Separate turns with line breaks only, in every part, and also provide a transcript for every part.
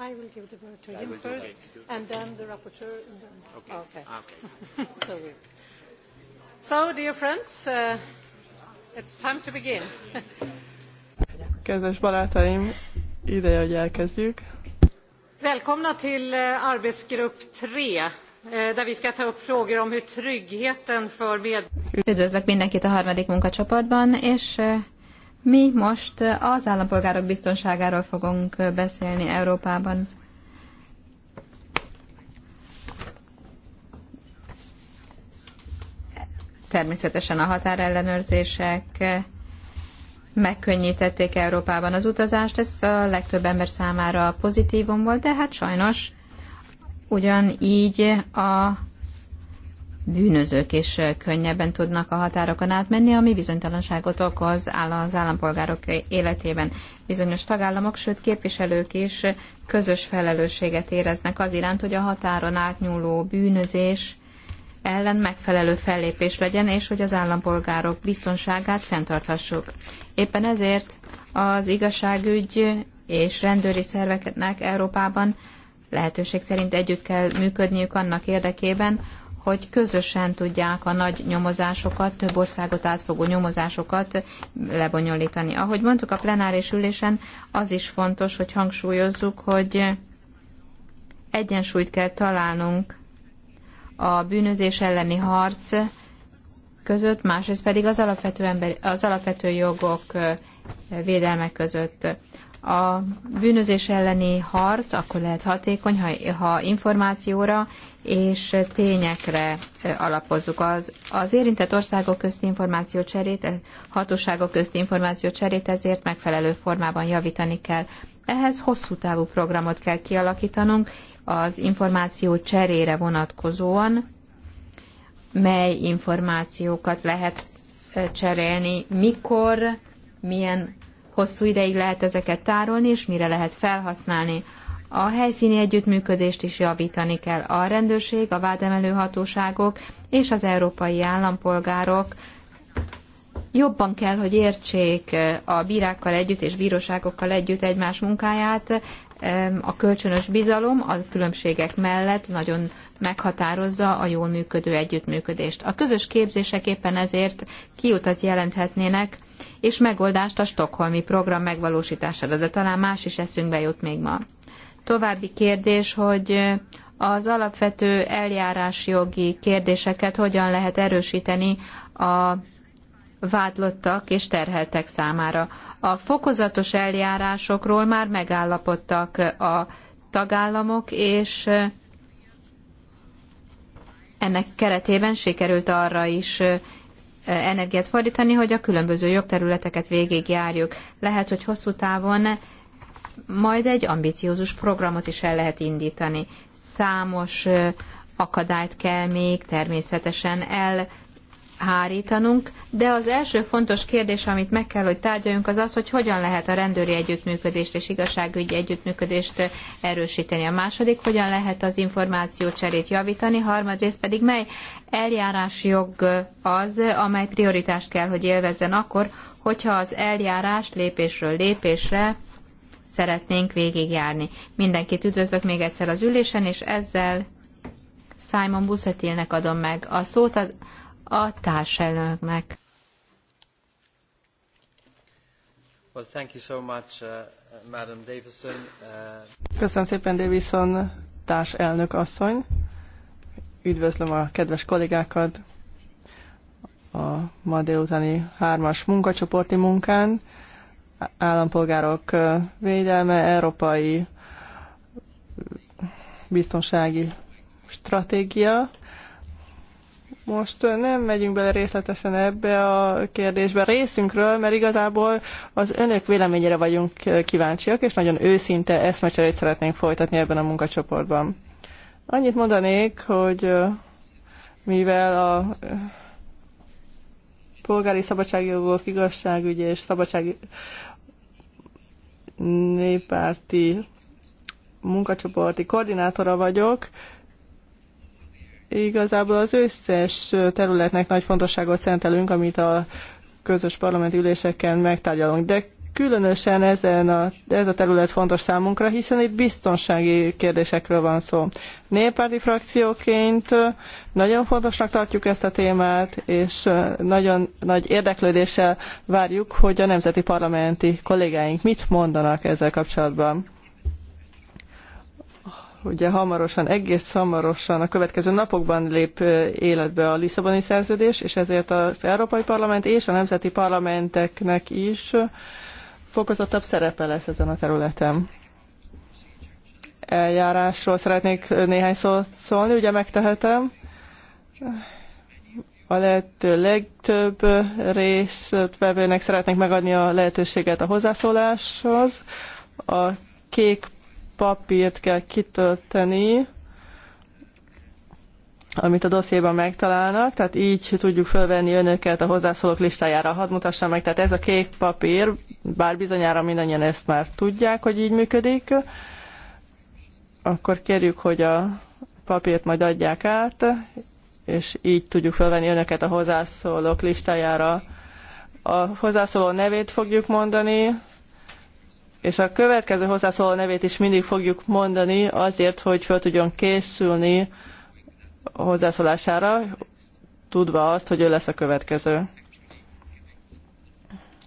I will give the word to I him first, and then the rapporteur. And then okay. Oh, okay. Ah, okay. so, so, dear friends, uh, it's time to begin.
Kedves barátaim, ideje, hogy elkezdjük.
Välkomna till eh, arbetsgrupp 3 eh, där vi ska ta upp frågor om hur tryggheten för med... Üdvözlök mindenkit a harmadik munkacsoportban, és eh, mi most eh, az állampolgárok biztonságáról fogunk eh, beszélni Európában. Természetesen a határellenőrzések eh, megkönnyítették Európában az utazást, ez a legtöbb ember számára pozitívum volt, de hát sajnos ugyanígy a bűnözők is eh, könnyebben tudnak a határokon átmenni, ami bizonytalanságot okoz áll az állampolgárok életében. Bizonyos tagállamok, sőt képviselők is eh, közös felelősséget éreznek az iránt, hogy a határon átnyúló bűnözés ellen megfelelő fellépés legyen, és hogy az állampolgárok biztonságát fenntarthassuk. Éppen ezért az igazságügy és rendőri szerveknek Európában lehetőség szerint együtt kell működniük annak érdekében, hogy közösen tudják a nagy nyomozásokat, több országot átfogó nyomozásokat lebonyolítani. Ahogy mondtuk a plenáris ülésen, az is fontos, hogy hangsúlyozzuk, hogy egyensúlyt kell találnunk a bűnözés elleni harc között, másrészt pedig az alapvető, ember, az alapvető jogok védelme között. A bűnözés elleni harc akkor lehet hatékony, ha, ha információra és tényekre alapozzuk. Az, az érintett országok közti információcserét, hatóságok közti információcserét ezért megfelelő formában javítani kell. Ehhez hosszú távú programot kell kialakítanunk az információ cserére vonatkozóan, mely információkat lehet cserélni, mikor, milyen hosszú ideig lehet ezeket tárolni, és mire lehet felhasználni. A helyszíni együttműködést is javítani kell. A rendőrség, a vádemelő hatóságok és az európai állampolgárok jobban kell, hogy értsék a bírákkal együtt és bíróságokkal együtt egymás munkáját. A kölcsönös bizalom a különbségek mellett nagyon meghatározza a jól működő együttműködést. A közös képzések éppen ezért kiutat jelenthetnének, és megoldást a Stockholmi program megvalósítására, de talán más is eszünkbe jut még ma. További kérdés, hogy az alapvető eljárásjogi kérdéseket hogyan lehet erősíteni a vádlottak és terheltek számára. A fokozatos eljárásokról már megállapodtak a tagállamok, és ennek keretében sikerült arra is energiát fordítani, hogy a különböző jogterületeket végigjárjuk. Lehet, hogy hosszú távon majd egy ambiciózus programot is el lehet indítani. Számos akadályt kell még természetesen elhárítanunk, de az első fontos kérdés, amit meg kell, hogy tárgyaljunk, az az, hogy hogyan lehet a rendőri együttműködést és igazságügyi együttműködést erősíteni. A második, hogyan lehet az cserét javítani, harmadrészt pedig mely eljárási jog az, amely prioritást kell, hogy élvezzen akkor, hogyha az eljárás lépésről lépésre szeretnénk végigjárni. Mindenkit üdvözlök még egyszer az ülésen, és ezzel Simon Buszetilnek adom meg a szót a, a társelnöknek.
Well, thank you so much, uh, Madam Davison. Uh... Köszönöm szépen, Davison társelnök asszony. Üdvözlöm a kedves kollégákat a ma délutáni hármas munkacsoporti munkán állampolgárok védelme, európai biztonsági stratégia. Most nem megyünk bele részletesen ebbe a kérdésbe részünkről, mert igazából az önök véleményére vagyunk kíváncsiak, és nagyon őszinte eszmecserét szeretnénk folytatni ebben a munkacsoportban. Annyit mondanék, hogy mivel a polgári szabadságjogok, igazságügyi és szabadság néppárti munkacsoporti koordinátora vagyok. Igazából az összes területnek nagy fontosságot szentelünk, amit a közös parlamenti üléseken megtárgyalunk. De Különösen ezen a, ez a terület fontos számunkra, hiszen itt biztonsági kérdésekről van szó. Néppárti frakcióként nagyon fontosnak tartjuk ezt a témát, és nagyon nagy érdeklődéssel várjuk, hogy a nemzeti parlamenti kollégáink mit mondanak ezzel kapcsolatban ugye hamarosan, egész hamarosan a következő napokban lép életbe a Lisszaboni szerződés, és ezért az Európai Parlament és a nemzeti parlamenteknek is fokozottabb szerepe lesz ezen a területen. Eljárásról szeretnék néhány szót szólni, ugye megtehetem. A lehető legtöbb résztvevőnek szeretnék megadni a lehetőséget a hozzászóláshoz. A kék papírt kell kitölteni, amit a dossziéban megtalálnak, tehát így tudjuk fölvenni önöket a hozzászólók listájára. Hadd mutassam meg, tehát ez a kék papír, bár bizonyára mindannyian ezt már tudják, hogy így működik, akkor kérjük, hogy a papírt majd adják át, és így tudjuk fölvenni önöket a hozzászólók listájára. A hozzászóló nevét fogjuk mondani, és a következő hozzászóló nevét is mindig fogjuk mondani azért, hogy föl tudjon készülni hozzászólására, tudva azt, hogy ő lesz a következő.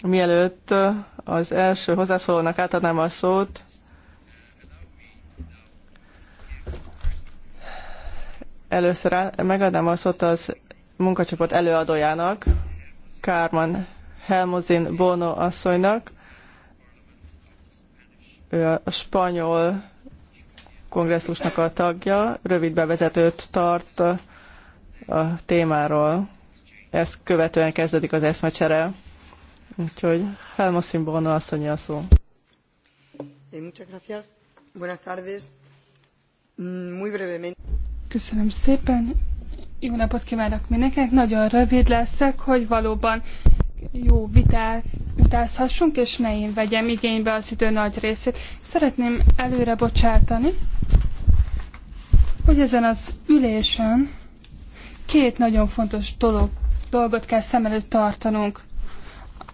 Mielőtt az első hozzászólónak átadnám a szót, először megadnám a szót az munkacsoport előadójának, Kárman Helmozin Bono asszonynak. Ő a spanyol kongresszusnak a tagja, rövid bevezetőt tart a témáról. Ezt követően kezdődik az eszmecsere. Úgyhogy Helma Szimborna asszony a szó. Mm, Köszönöm szépen.
Jó napot kívánok mindenkinek. Nagyon rövid leszek, hogy valóban jó vitát vitázhassunk, és ne én vegyem igénybe az idő nagy részét. Szeretném előre bocsátani, hogy ezen az ülésen két nagyon fontos dolog, dolgot kell szem előtt tartanunk.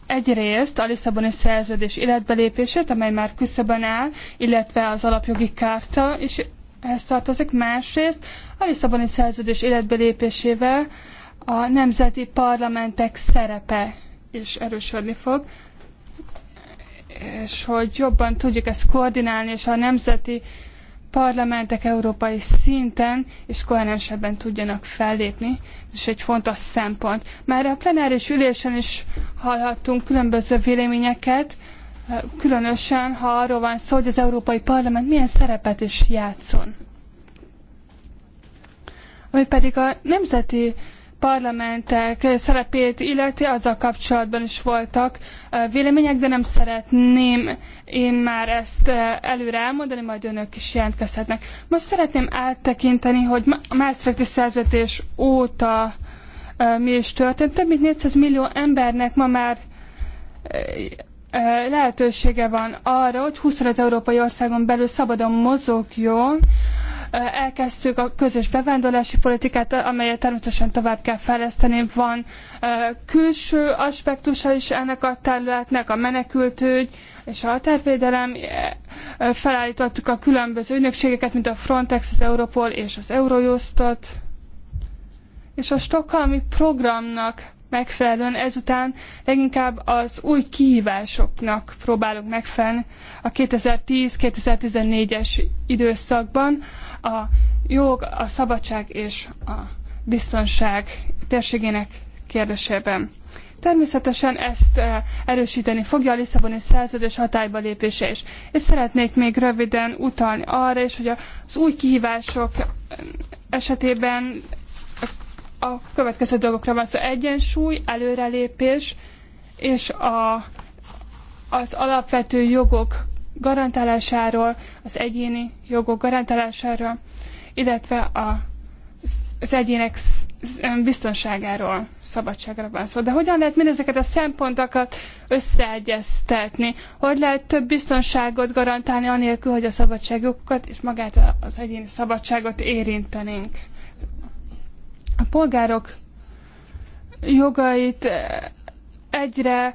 Egyrészt a Lisszaboni szerződés életbelépését, amely már küszöbön áll, illetve az alapjogi kárta is ehhez tartozik. Másrészt a Lisszaboni szerződés életbelépésével a nemzeti parlamentek szerepe is erősödni fog, és hogy jobban tudjuk ezt koordinálni, és a nemzeti uh, parlamentek európai szinten és koherensebben tudjanak fellépni, is egy fontos szempont. Már a plenáris ülésen is hallhattunk különböző véleményeket, különösen, ha arról van szó, hogy az Európai Parlament milyen szerepet is játszon. Ami pedig a nemzeti parlamentek szerepét illeti, azzal kapcsolatban is voltak vélemények, de nem szeretném én már ezt előre elmondani, majd önök is jelentkezhetnek. Most szeretném áttekinteni, hogy a Maastrichti szerződés óta mi is történt. Több mint 400 millió embernek ma már lehetősége van arra, hogy 25 európai országon belül szabadon mozogjon, elkezdtük a közös bevándorlási politikát, amelyet természetesen tovább kell fejleszteni. Van külső aspektusa is ennek a területnek, a menekültügy és a határvédelem. Felállítottuk a különböző ügynökségeket, mint a Frontex, az Europol és az Eurojustot. És a Stockholmi programnak megfelelően, ezután leginkább az új kihívásoknak próbálunk megfelelni a 2010-2014-es időszakban a jog, a szabadság és a biztonság térségének kérdésében. Természetesen ezt eh, erősíteni fogja a Lisszaboni szerződés hatályba lépése is. És szeretnék még röviden utalni arra is, hogy az új kihívások esetében a következő dolgokra van szó. Szóval egyensúly, előrelépés és a, az alapvető jogok garantálásáról, az egyéni jogok garantálásáról, illetve a, az egyének biztonságáról, szabadságra van szó. De hogyan lehet mindezeket a szempontokat összeegyeztetni? Hogy lehet több biztonságot garantálni anélkül, hogy a szabadságokat és magát az egyéni szabadságot érintenénk? a polgárok jogait egyre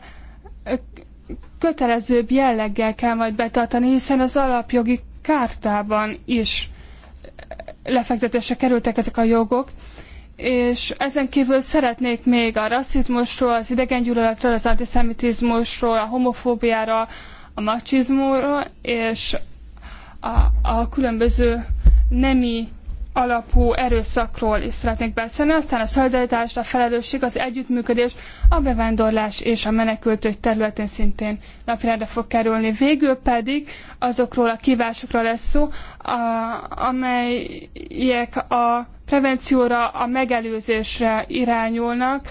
kötelezőbb jelleggel kell majd betartani, hiszen az alapjogi kártában is lefektetésre kerültek ezek a jogok, és ezen kívül szeretnék még a rasszizmusról, az idegengyűlöletről, az antiszemitizmusról, a homofóbiára, a machizmóról, és a, a különböző nemi alapú erőszakról is szeretnék beszélni, aztán a szolidaritás, a felelősség, az együttműködés, a bevándorlás és a menekültők területén szintén napirendre fog kerülni. Végül pedig azokról a kívásokról lesz szó, a, amelyek a prevencióra, a megelőzésre irányulnak,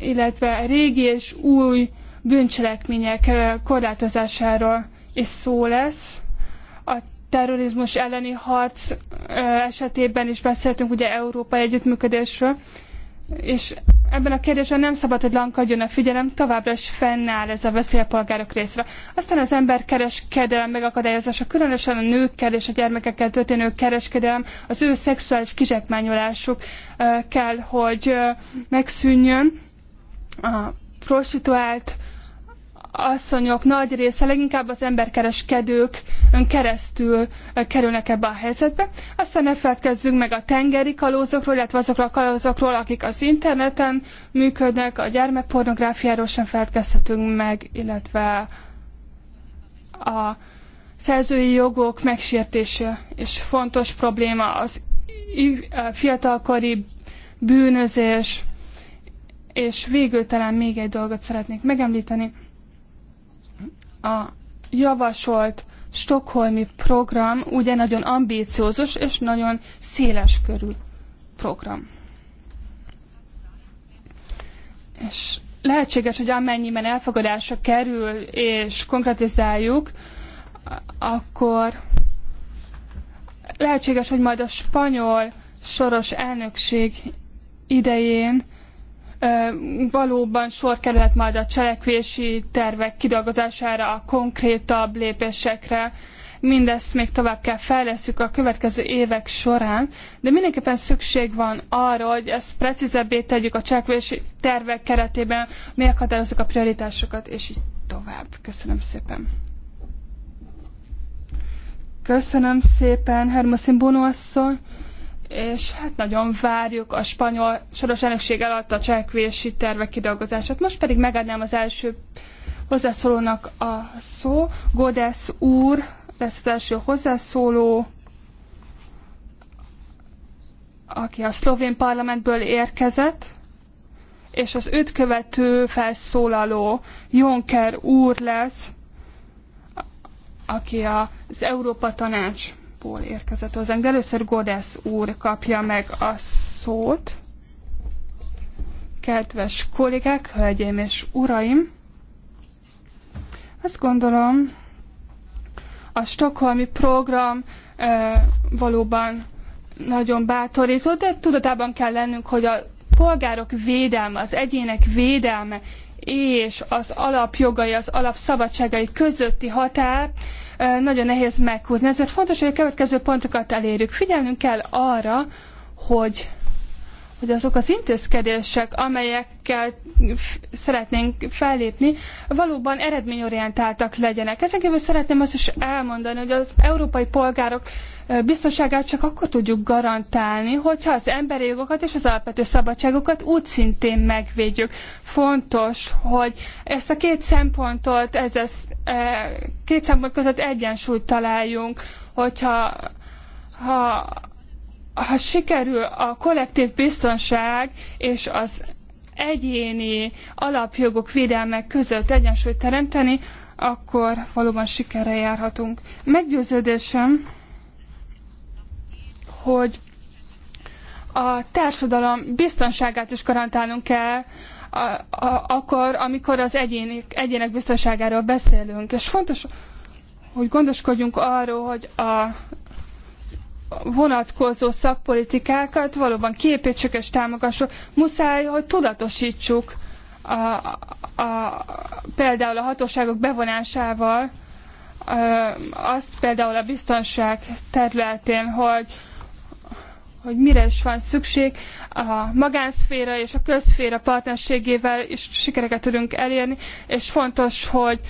illetve régi és új bűncselekmények eh, korlátozásáról is szó lesz terrorizmus elleni harc esetében is beszéltünk ugye európai együttműködésről, és ebben a kérdésben nem szabad, hogy lankadjon a figyelem, továbbra is fennáll ez a veszély a polgárok részre. Aztán az emberkereskedelem megakadályozása, különösen a nőkkel és a gyermekekkel történő kereskedelem, az ő szexuális kizsákmányolásuk kell, hogy megszűnjön. A prostituált asszonyok nagy része, leginkább az emberkereskedők keresztül kerülnek ebbe a helyzetbe. Aztán ne feledkezzünk meg a tengeri kalózokról, illetve azokról a kalózokról, akik az interneten működnek, a gyermekpornográfiáról sem feledkezhetünk meg, illetve a szerzői jogok megsértése és fontos probléma az fiatalkori bűnözés, és végül talán még egy dolgot szeretnék megemlíteni a javasolt stokholmi program ugye nagyon ambíciózus és nagyon széles körű program. És lehetséges, hogy amennyiben elfogadásra kerül és konkretizáljuk, akkor lehetséges, hogy majd a spanyol soros elnökség idején valóban sor kerülhet majd a cselekvési tervek kidolgozására, a konkrétabb lépésekre. Mindezt még tovább kell fejleszteni a következő évek során, de mindenképpen szükség van arra, hogy ezt precízebbé tegyük a cselekvési tervek keretében, meghatározzuk a prioritásokat, és így tovább. Köszönöm szépen. Köszönöm szépen, Hermoszin asszony és hát nagyon várjuk a spanyol soros elnökség alatt a cselekvési tervek kidolgozását. Most pedig megadnám az első hozzászólónak a szó. Godesz úr lesz az első hozzászóló, aki a szlovén parlamentből érkezett, és az őt követő felszólaló Jonker úr lesz, aki az Európa Tanács Európából érkezett hozzánk. De először Godesz úr kapja meg a szót. Kedves kollégák, hölgyeim és uraim! Azt gondolom, a stokholmi program e, valóban nagyon bátorító, de tudatában kell lennünk, hogy a polgárok védelme, az egyének védelme és az alapjogai, az alapszabadságai közötti határ nagyon nehéz meghúzni. Ezért fontos, hogy a következő pontokat elérjük. Figyelnünk kell arra, hogy hogy azok az intézkedések, amelyekkel szeretnénk fellépni, valóban eredményorientáltak legyenek. Ezen kívül szeretném azt is elmondani, hogy az európai polgárok biztonságát csak akkor tudjuk garantálni, hogyha az emberi jogokat és az alapvető szabadságokat úgy szintén megvédjük. Fontos, hogy ezt a két szempontot, ez, ez e, két szempont között egyensúlyt találjunk, hogyha ha ha sikerül a kollektív biztonság és az egyéni alapjogok védelme között egyensúlyt teremteni, akkor valóban sikerre járhatunk. Meggyőződésem, hogy a társadalom biztonságát is garantálnunk kell, a, a, akkor, amikor az egyének, egyének biztonságáról beszélünk. És fontos, hogy gondoskodjunk arról, hogy a vonatkozó szakpolitikákat valóban képítsük és támogassuk. Muszáj, hogy tudatosítsuk a, a, például a hatóságok bevonásával azt például a biztonság területén, hogy, hogy mire is van szükség. A magánszféra és a közszféra partnerségével is sikereket tudunk elérni, és fontos, hogy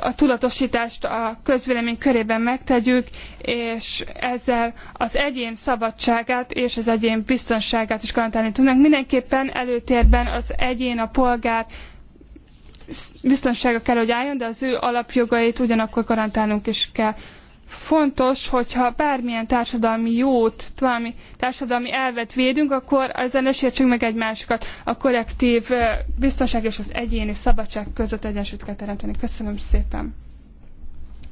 a tudatosítást a közvélemény körében megtegyük, és ezzel az egyén szabadságát és az egyén biztonságát is garantálni tudnánk. Mindenképpen előtérben az egyén, a polgár biztonsága kell, hogy álljon, de az ő alapjogait ugyanakkor garantálnunk is kell fontos, hogyha bármilyen társadalmi jót, valami társadalmi elvet védünk, akkor ezzel ne sértsünk meg egymásokat. A kollektív biztonság és az egyéni szabadság között egyensúlyt kell teremteni. Köszönöm szépen.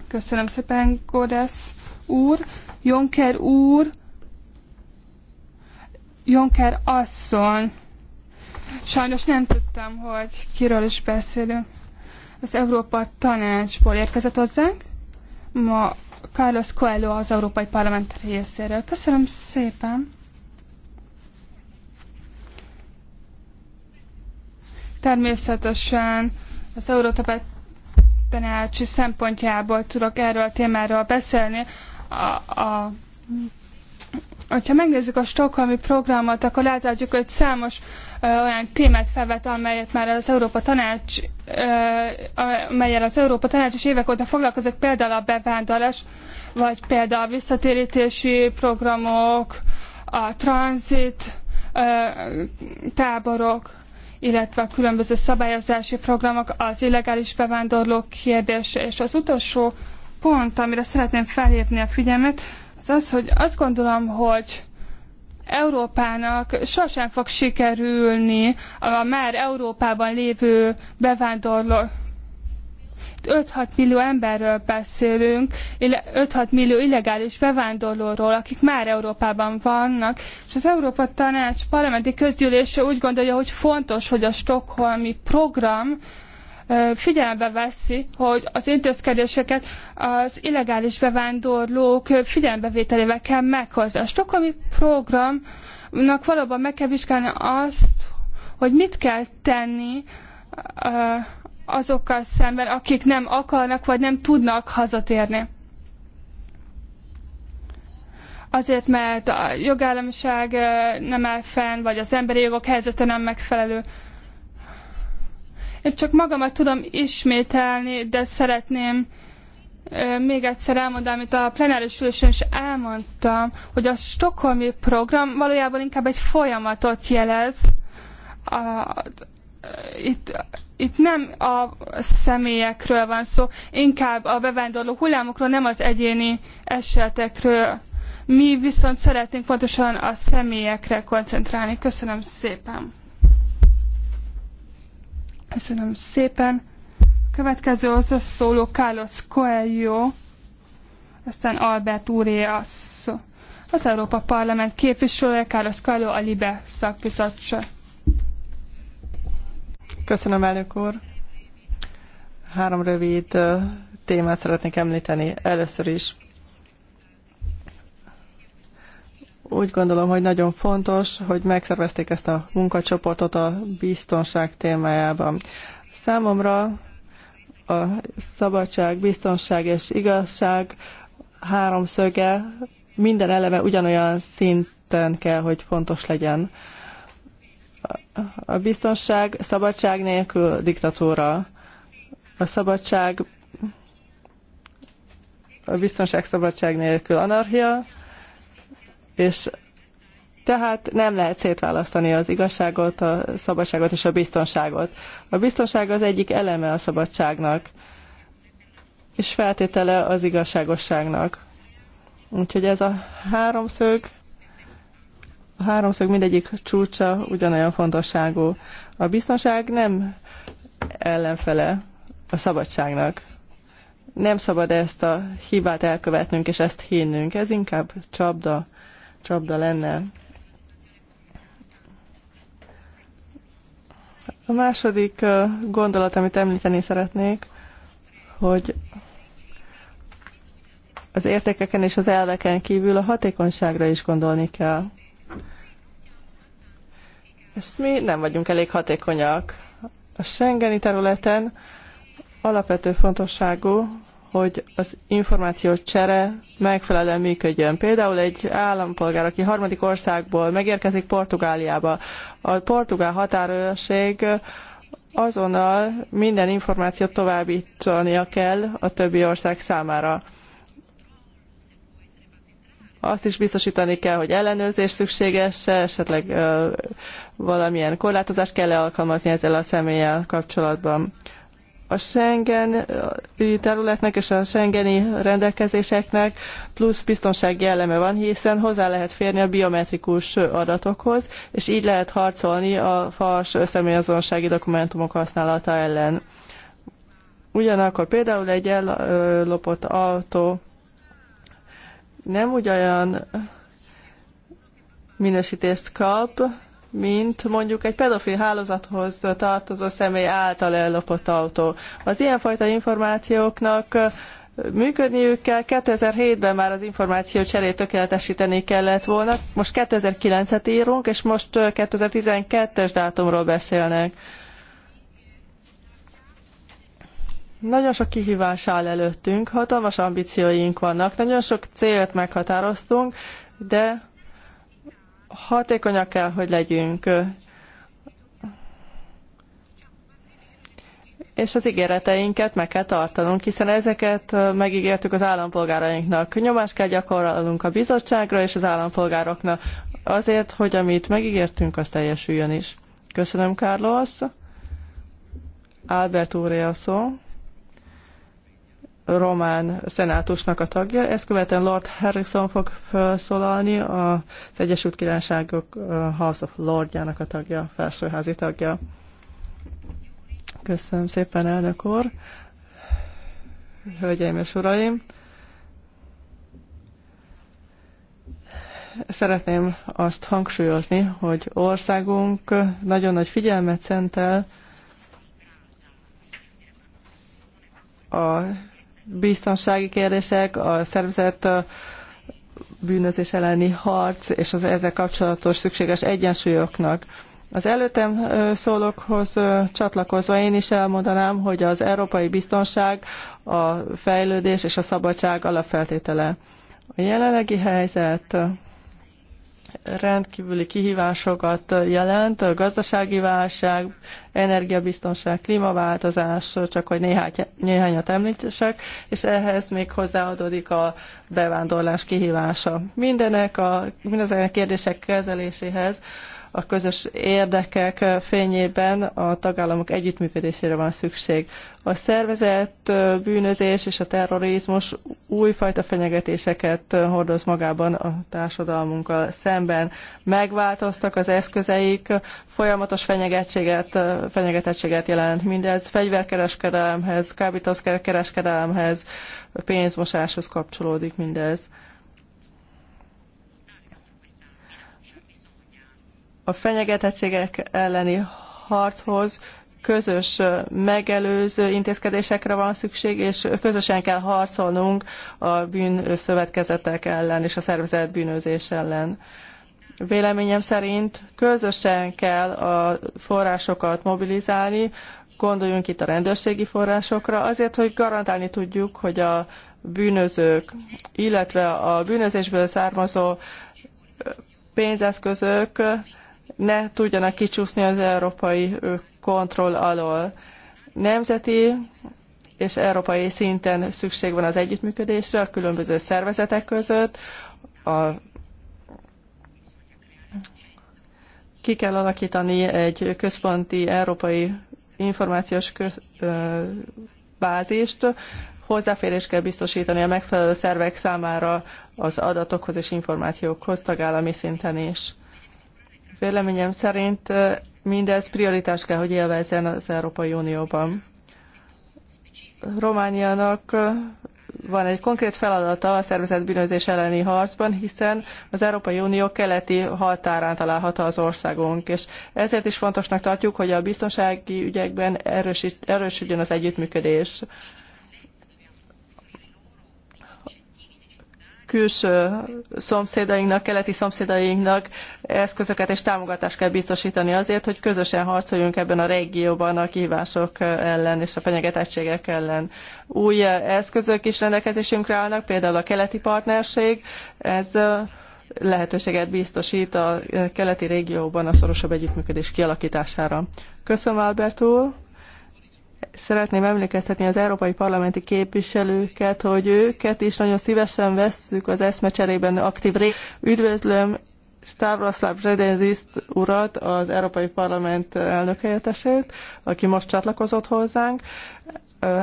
Köszönöm szépen, Godesz úr. Jonker úr. Jonker asszony. Sajnos nem tudtam, hogy kiről is beszélünk. Az Európa Tanácsból érkezett hozzánk ma Carlos Coelho az Európai Parlament részéről. Köszönöm szépen! Természetesen az Európai Tanácsi szempontjából tudok erről a témáról beszélni. A, a, ha megnézzük a Stockholmi programot, akkor láthatjuk, hogy számos olyan témát felvet, amelyet már az Európa Tanács, amelyel az Európa Tanács is évek óta foglalkozik, például a bevándorlás, vagy például a visszatérítési programok, a tranzit táborok, illetve a különböző szabályozási programok, az illegális bevándorlók kérdése. És az utolsó pont, amire szeretném felhívni a figyelmet, az az, hogy azt gondolom, hogy Európának sosem fog sikerülni a már Európában lévő bevándorló 5-6 millió emberről beszélünk, 5-6 millió illegális bevándorlóról, akik már Európában vannak, és az Európa Tanács parlamenti közgyűlése úgy gondolja, hogy fontos, hogy a Stockholmi program figyelembe veszi, hogy az intézkedéseket az illegális bevándorlók figyelembevételével kell meghozni. A stokholmi programnak valóban meg kell vizsgálni azt, hogy mit kell tenni azokkal szemben, akik nem akarnak vagy nem tudnak hazatérni azért, mert a jogállamiság nem áll fenn, vagy az emberi jogok helyzete nem megfelelő. Én csak magamat tudom ismételni, de szeretném még egyszer elmondani, amit a plenáris ülésen is elmondtam, hogy a stokholmi program valójában inkább egy folyamatot jelez. A, itt, itt nem a személyekről van szó, inkább a bevándorló hullámokról, nem az egyéni esetekről. Mi viszont szeretnénk pontosan a személyekre koncentrálni. Köszönöm szépen! Köszönöm szépen. A következő hozzászóló Carlos Coelho, aztán Albert úré Az Európa Parlament képviselője Carlos Coelho, a Libe szakbizottság.
Köszönöm, elnök úr. Három rövid témát szeretnék említeni. Először is úgy gondolom, hogy nagyon fontos, hogy megszervezték ezt a munkacsoportot a biztonság témájában. Számomra a szabadság, biztonság és igazság háromszöge minden eleme ugyanolyan szinten kell, hogy fontos legyen. A biztonság szabadság nélkül diktatúra. A szabadság a biztonság szabadság nélkül anarchia, és tehát nem lehet szétválasztani az igazságot, a szabadságot és a biztonságot. A biztonság az egyik eleme a szabadságnak, és feltétele az igazságosságnak. Úgyhogy ez a háromszög, a háromszög mindegyik csúcsa ugyanolyan fontosságú. A biztonság nem ellenfele a szabadságnak. Nem szabad ezt a hibát elkövetnünk és ezt hinnünk. Ez inkább csapda csapda lenne. A második gondolat, amit említeni szeretnék, hogy az értékeken és az elveken kívül a hatékonyságra is gondolni kell. Ezt mi nem vagyunk elég hatékonyak. A Schengeni területen alapvető fontosságú, hogy az információ csere megfelelően működjön. Például egy állampolgár, aki harmadik országból megérkezik Portugáliába, a portugál határőrség azonnal minden információt továbbítania kell a többi ország számára. Azt is biztosítani kell, hogy ellenőrzés szükséges, esetleg ö, valamilyen korlátozást kell -e alkalmazni ezzel a személlyel kapcsolatban a Schengen területnek és a Schengeni rendelkezéseknek plusz biztonsági eleme van, hiszen hozzá lehet férni a biometrikus adatokhoz, és így lehet harcolni a fals személyazonossági dokumentumok használata ellen. Ugyanakkor például egy ellopott autó nem ugyanolyan minősítést kap, mint mondjuk egy pedofil hálózathoz tartozó személy által ellopott autó. Az ilyenfajta információknak működniük kell. 2007-ben már az információ cserét tökéletesíteni kellett volna. Most 2009-et írunk, és most 2012-es dátumról beszélnek. Nagyon sok kihívás áll előttünk, hatalmas ambícióink vannak, nagyon sok célt meghatároztunk, de hatékonyak kell, hogy legyünk. És az ígéreteinket meg kell tartanunk, hiszen ezeket megígértük az állampolgárainknak. Nyomást kell gyakorolnunk a bizottságra és az állampolgároknak azért, hogy amit megígértünk, az teljesüljön is. Köszönöm, Carlos. Albert úr a szó román szenátusnak a tagja. Ezt követően Lord Harrison fog felszólalni, az Egyesült Királyságok House of Lordjának a tagja, felsőházi tagja. Köszönöm szépen, elnök úr! Hölgyeim és uraim! Szeretném azt hangsúlyozni, hogy országunk nagyon nagy figyelmet szentel a biztonsági kérdések, a szervezet bűnözés elleni harc és az ezzel kapcsolatos szükséges egyensúlyoknak. Az előttem szólókhoz csatlakozva én is elmondanám, hogy az európai biztonság a fejlődés és a szabadság alapfeltétele. A jelenlegi helyzet rendkívüli kihívásokat jelent, a gazdasági válság, energiabiztonság, klímaváltozás, csak hogy néhány, néhányat említések, és ehhez még hozzáadódik a bevándorlás kihívása. Mindenek a, mindezek a kérdések kezeléséhez a közös érdekek fényében a tagállamok együttműködésére van szükség. A szervezett bűnözés és a terrorizmus újfajta fenyegetéseket hordoz magában a társadalmunkkal szemben. Megváltoztak az eszközeik, folyamatos fenyegetséget, fenyegetettséget jelent mindez, fegyverkereskedelemhez, kábítószerkereskedelemhez, pénzmosáshoz kapcsolódik mindez. a fenyegetettségek elleni harchoz közös megelőző intézkedésekre van szükség, és közösen kell harcolnunk a bűnszövetkezetek ellen és a szervezett bűnözés ellen. Véleményem szerint közösen kell a forrásokat mobilizálni, gondoljunk itt a rendőrségi forrásokra, azért, hogy garantálni tudjuk, hogy a bűnözők, illetve a bűnözésből származó pénzeszközök ne tudjanak kicsúszni az európai kontroll alól. Nemzeti és európai szinten szükség van az együttműködésre a különböző szervezetek között, a ki kell alakítani egy központi európai információs köz, ö, bázist, hozzáférés kell biztosítani a megfelelő szervek számára az adatokhoz és információkhoz tagállami szinten is. Véleményem szerint mindez prioritás kell, hogy élvezzen az Európai Unióban. Romániának van egy konkrét feladata a szervezett bűnözés elleni harcban, hiszen az Európai Unió keleti határán található az országunk, és ezért is fontosnak tartjuk, hogy a biztonsági ügyekben erősít, erősödjön az együttműködés. külső szomszédainknak, keleti szomszédainknak eszközöket és támogatást kell biztosítani azért, hogy közösen harcoljunk ebben a régióban a kihívások ellen és a fenyegetettségek ellen. Új eszközök is rendelkezésünkre állnak, például a keleti partnerség, ez lehetőséget biztosít a keleti régióban a szorosabb együttműködés kialakítására. Köszönöm, Albert úr! szeretném emlékeztetni az európai parlamenti képviselőket, hogy őket is nagyon szívesen vesszük az eszmecserében aktív részt. Üdvözlöm Stavroslav Redenzist urat, az Európai Parlament elnökhelyettesét, aki most csatlakozott hozzánk.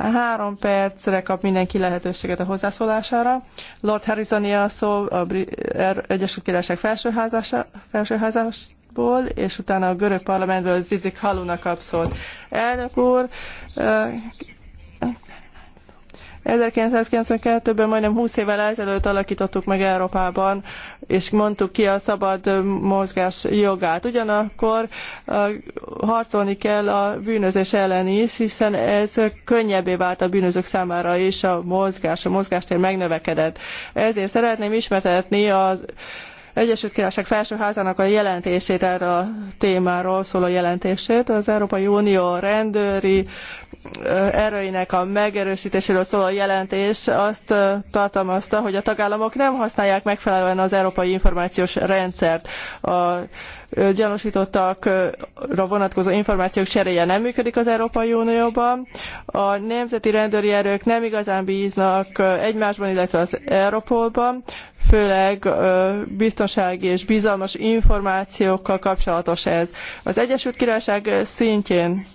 Három percre kap mindenki lehetőséget a hozzászólására. Lord Harrison a szó, a Egyesült Királyság felsőházása, felsőházás ból, és utána a görög parlamentből Zizik Halunak kap szót. Elnök úr, 1992-ben eh, majdnem 20 évvel ezelőtt alakítottuk meg Európában, és mondtuk ki a szabad mozgás jogát. Ugyanakkor eh, harcolni kell a bűnözés ellen is, hiszen ez könnyebbé vált a bűnözők számára is, a mozgás, a mozgástér megnövekedett. Ezért szeretném ismertetni az Egyesült Királyság felsőházának a jelentését erről a témáról szóló jelentését. Az Európai Unió rendőri erőinek a megerősítéséről szóló jelentés azt tartalmazta, hogy a tagállamok nem használják megfelelően az európai információs rendszert. A gyanúsítottakra vonatkozó információk cseréje nem működik az Európai Unióban. A nemzeti rendőri erők nem igazán bíznak egymásban, illetve az Europolban, főleg biztonsági és bizalmas információkkal kapcsolatos ez. Az Egyesült Királyság szintjén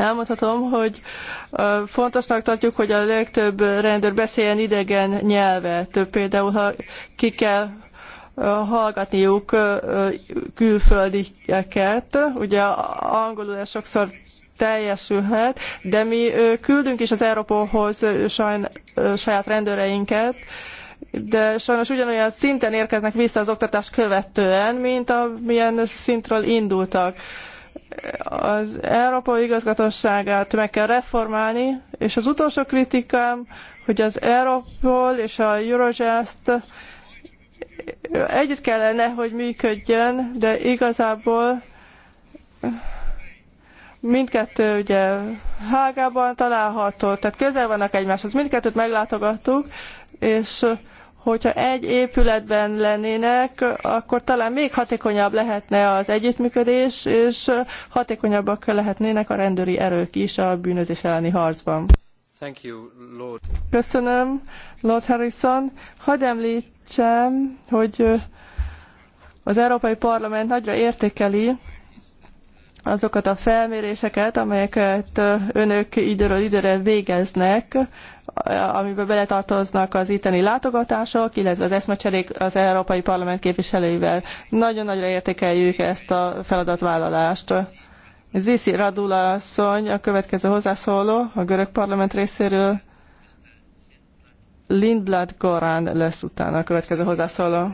Elmondhatom, hogy fontosnak tartjuk, hogy a legtöbb rendőr beszéljen idegen nyelvet. Például, ha ki kell hallgatniuk külföldieket, ugye angolul ez sokszor teljesülhet, de mi küldünk is az Europolhoz sajn, saját rendőreinket, de sajnos ugyanolyan szinten érkeznek vissza az oktatás követően, mint amilyen szintről indultak az Európai Igazgatóságát meg kell reformálni, és az utolsó kritikám, hogy az Europol és a Eurojust együtt kellene, hogy működjön, de igazából mindkettő ugye Hágában található, tehát közel vannak egymáshoz, mindkettőt meglátogattuk, és hogyha egy épületben lennének, akkor talán még hatékonyabb lehetne az együttműködés, és hatékonyabbak lehetnének a rendőri erők is a bűnözés elleni harcban.
You, Lord.
Köszönöm, Lord Harrison. Hadd említsem, hogy az Európai Parlament nagyra értékeli azokat a felméréseket, amelyeket önök időről időre végeznek amiben beletartoznak az itteni látogatások, illetve az eszmecserék az Európai Parlament képviselőivel. Nagyon nagyra értékeljük ezt a feladatvállalást. Zisi Radula asszony, a következő hozzászóló a görög parlament részéről. Lindblad Gorán lesz utána a következő hozzászóló.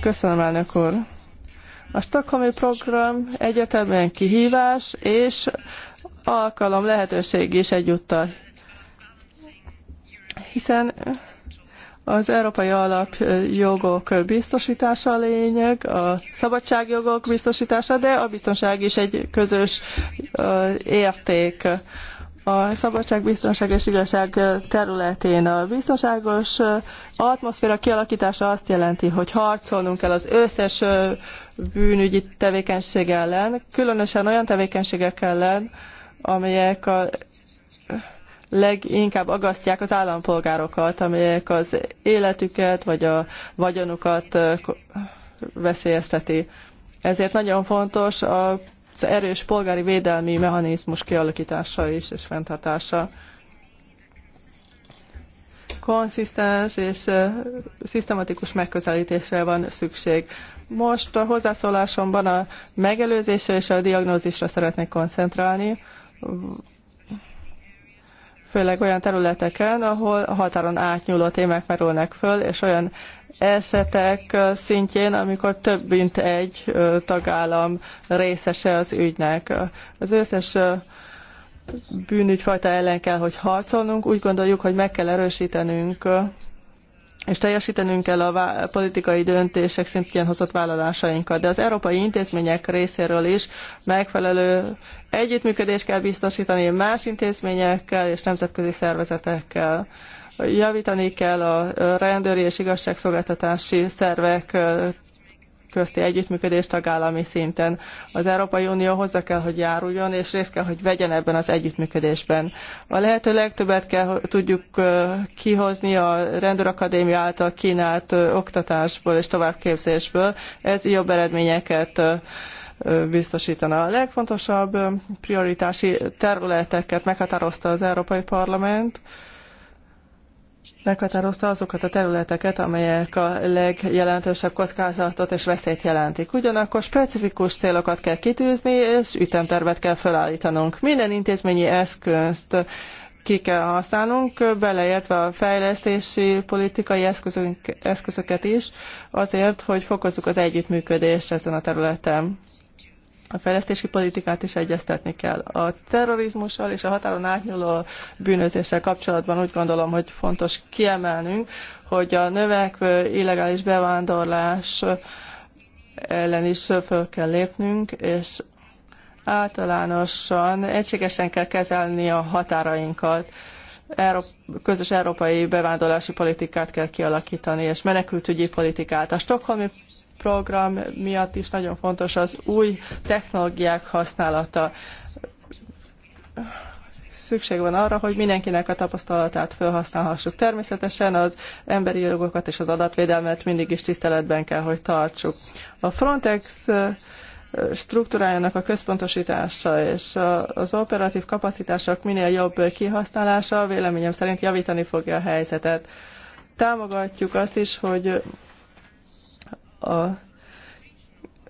Köszönöm, elnök úr. A Stockholmi program egyértelműen kihívás, és alkalom, lehetőség is egyúttal. Hiszen az európai jogok biztosítása a lényeg, a szabadságjogok biztosítása, de a biztonság is egy közös érték. A szabadság, biztonság és igazság területén a biztonságos atmoszféra kialakítása azt jelenti, hogy harcolnunk kell az összes bűnügyi tevékenység ellen, különösen olyan tevékenységek ellen, amelyek a leginkább agasztják az állampolgárokat, amelyek az életüket vagy a vagyonukat veszélyezteti. Ezért nagyon fontos az erős polgári védelmi mechanizmus kialakítása is és fenntartása. Konszisztens és szisztematikus megközelítésre van szükség. Most a hozzászólásomban a megelőzésre és a diagnózisra szeretnék koncentrálni főleg olyan területeken, ahol a határon átnyúló témák merülnek föl, és olyan esetek szintjén, amikor több mint egy tagállam részese az ügynek. Az összes bűnügyfajta ellen kell, hogy harcolnunk. Úgy gondoljuk, hogy meg kell erősítenünk és teljesítenünk kell a politikai döntések szintjén hozott vállalásainkat. De az európai intézmények részéről is megfelelő együttműködést kell biztosítani más intézményekkel és nemzetközi szervezetekkel. Javítani kell a rendőri és igazságszolgáltatási szervek közti együttműködés tagállami szinten. Az Európai Unió hozzá kell, hogy járuljon, és részt kell, hogy vegyen ebben az együttműködésben. A lehető legtöbbet kell tudjuk kihozni a rendőrakadémia által kínált oktatásból és továbbképzésből. Ez jobb eredményeket biztosítana. A legfontosabb prioritási területeket meghatározta az Európai Parlament, meghatározta azokat a területeket, amelyek a legjelentősebb kockázatot és veszélyt jelentik. Ugyanakkor specifikus célokat kell kitűzni, és ütemtervet kell felállítanunk. Minden intézményi eszközt ki kell használnunk, beleértve a fejlesztési politikai eszközök, eszközöket is, azért, hogy fokozzuk az együttműködést ezen a területen a fejlesztési politikát is egyeztetni kell. A terrorizmussal és a határon átnyúló bűnözéssel kapcsolatban úgy gondolom, hogy fontos kiemelnünk, hogy a növekvő illegális bevándorlás ellen is föl kell lépnünk, és általánosan egységesen kell kezelni a határainkat. Európa, közös európai bevándorlási politikát kell kialakítani, és menekültügyi politikát. A stokholmi program miatt is nagyon fontos az új technológiák használata. Szükség van arra, hogy mindenkinek a tapasztalatát felhasználhassuk. Természetesen az emberi jogokat és az adatvédelmet mindig is tiszteletben kell, hogy tartsuk. A Frontex struktúrájának a központosítása és az operatív kapacitások minél jobb kihasználása véleményem szerint javítani fogja a helyzetet. Támogatjuk azt is, hogy a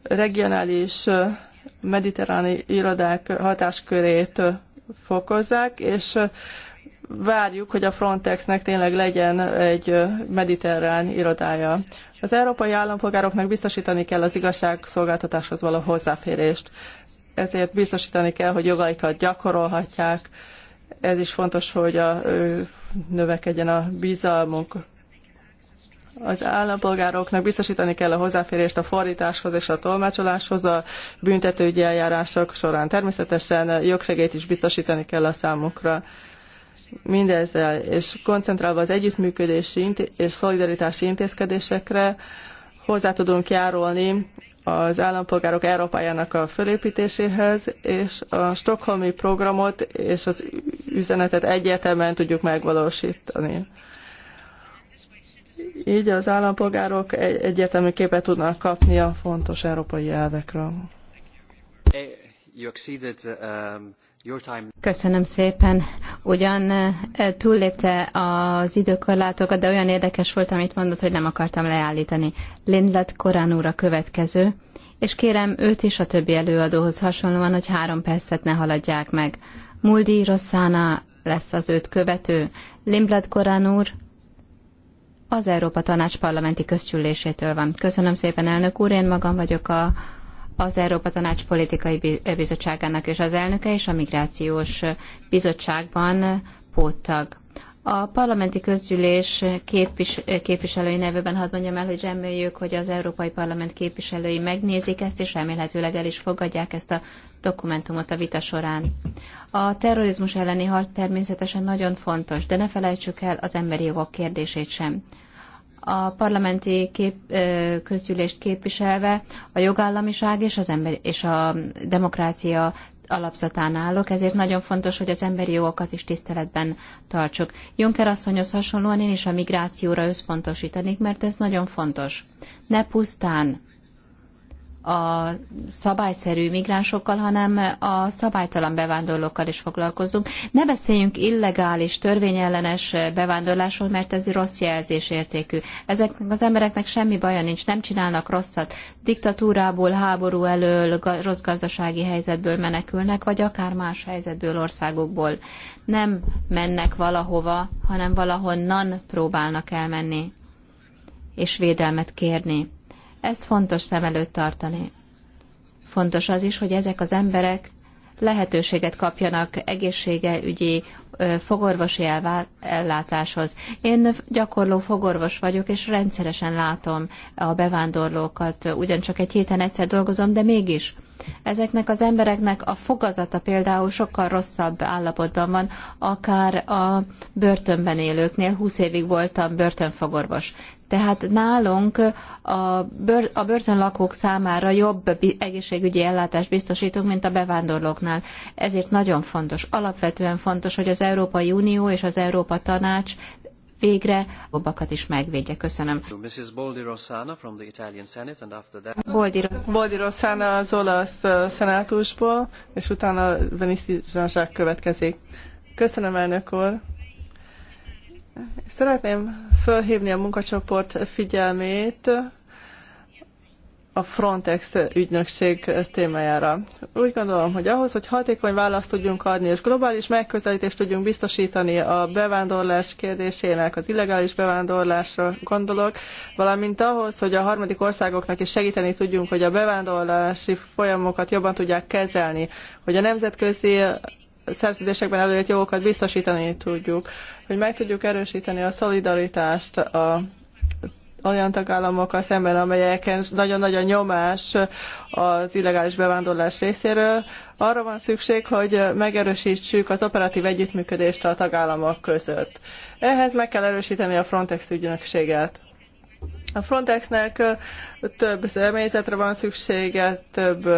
regionális mediterráni irodák hatáskörét fokozzák, és várjuk, hogy a Frontexnek tényleg legyen egy mediterrán irodája. Az európai állampolgároknak biztosítani kell az igazságszolgáltatáshoz való hozzáférést. Ezért biztosítani kell, hogy jogaikat gyakorolhatják. Ez is fontos, hogy a, növekedjen a bizalmunk az állampolgároknak biztosítani kell a hozzáférést a fordításhoz és a tolmácsoláshoz a büntetőügyi eljárások során. Természetesen jogsegélyt is biztosítani kell a számukra. Mindezzel, és koncentrálva az együttműködési és szolidaritási intézkedésekre hozzá tudunk járulni az állampolgárok Európájának a fölépítéséhez, és a Stockholmi programot és az üzenetet egyértelműen tudjuk megvalósítani így az állampolgárok egy egyértelmű képet
tudnak kapni a fontos európai elvekről.
Um, Köszönöm
szépen. Ugyan eh, túllépte az időkorlátokat, de olyan érdekes volt, amit mondott, hogy nem akartam leállítani. Lindlet Korán úr a következő, és kérem őt is a többi előadóhoz hasonlóan, hogy három percet ne haladják meg. Muldi Rosszana lesz az őt követő. Lindlet Korán úr, az Európa Tanács parlamenti közgyűlésétől van. Köszönöm szépen, elnök úr, én magam vagyok a, az Európa Tanács politikai bizottságának és az elnöke, és a migrációs bizottságban póttag. A parlamenti közgyűlés képvis, képviselői nevében hadd mondjam el, hogy reméljük, hogy az Európai Parlament képviselői megnézik ezt, és remélhetőleg el is fogadják ezt a dokumentumot a vita során. A terrorizmus elleni harc természetesen nagyon fontos, de ne felejtsük el az emberi jogok kérdését sem a parlamenti kép, közgyűlést képviselve a jogállamiság és, az ember, és a demokrácia alapzatán állok, ezért nagyon fontos, hogy az emberi jogokat is tiszteletben tartsuk. Juncker asszonyhoz hasonlóan én is a migrációra összpontosítanék, mert ez nagyon fontos. Ne pusztán a szabályszerű migránsokkal, hanem a szabálytalan bevándorlókkal is foglalkozunk. Ne beszéljünk illegális, törvényellenes bevándorlásról, mert ez rossz jelzés értékű. Ezeknek az embereknek semmi baja nincs, nem csinálnak rosszat. Diktatúrából, háború elől, rossz gazdasági helyzetből menekülnek, vagy akár más helyzetből, országokból. Nem mennek valahova, hanem valahonnan próbálnak elmenni és védelmet kérni ezt fontos szem előtt tartani. Fontos az is, hogy ezek az emberek lehetőséget kapjanak ügyi fogorvosi ellátáshoz. Én gyakorló fogorvos vagyok, és rendszeresen látom a bevándorlókat. Ugyancsak egy héten egyszer dolgozom, de mégis ezeknek az embereknek a fogazata például sokkal rosszabb állapotban van, akár a börtönben élőknél. 20 évig voltam börtönfogorvos. Tehát nálunk a, bör, a börtönlakók számára jobb egészségügyi ellátást biztosítunk, mint a bevándorlóknál. Ezért nagyon fontos, alapvetően fontos, hogy az Európai Unió és az Európa Tanács végre jobbakat is megvédje. Köszönöm. Boldi Rossana az olasz szenátusból, és utána
Venisti Zsanzsák következik. Köszönöm, elnök úr. Szeretném fölhívni a munkacsoport figyelmét a Frontex ügynökség témájára. Úgy gondolom, hogy ahhoz, hogy hatékony választ tudjunk adni, és globális megközelítést tudjunk biztosítani a bevándorlás kérdésének, az illegális bevándorlásra gondolok, valamint ahhoz, hogy a harmadik országoknak is segíteni tudjunk, hogy a bevándorlási folyamokat jobban tudják kezelni, hogy a nemzetközi szerződésekben előírt jogokat biztosítani tudjuk, hogy meg tudjuk erősíteni a szolidaritást a olyan tagállamokkal szemben, amelyeken nagyon-nagyon nyomás az illegális bevándorlás részéről. Arra van szükség, hogy megerősítsük az operatív együttműködést a tagállamok között. Ehhez meg kell erősíteni a Frontex ügynökséget. A Frontexnek több személyzetre van szüksége, több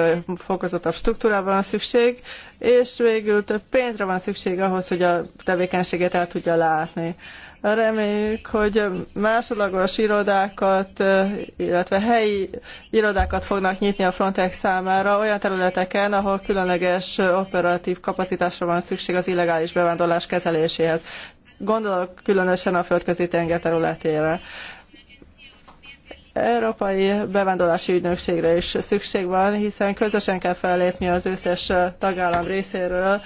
fokozatos struktúrára van szükség, és végül több pénzre van szükség ahhoz, hogy a tevékenységet el tudja látni. Reméljük, hogy másodlagos irodákat, illetve helyi irodákat fognak nyitni a Frontex számára olyan területeken, ahol különleges operatív kapacitásra van szükség az illegális bevándorlás kezeléséhez. Gondolok különösen a földközi tenger területére Európai Bevándorlási Ügynökségre is szükség van, hiszen közösen kell fellépni az összes tagállam részéről,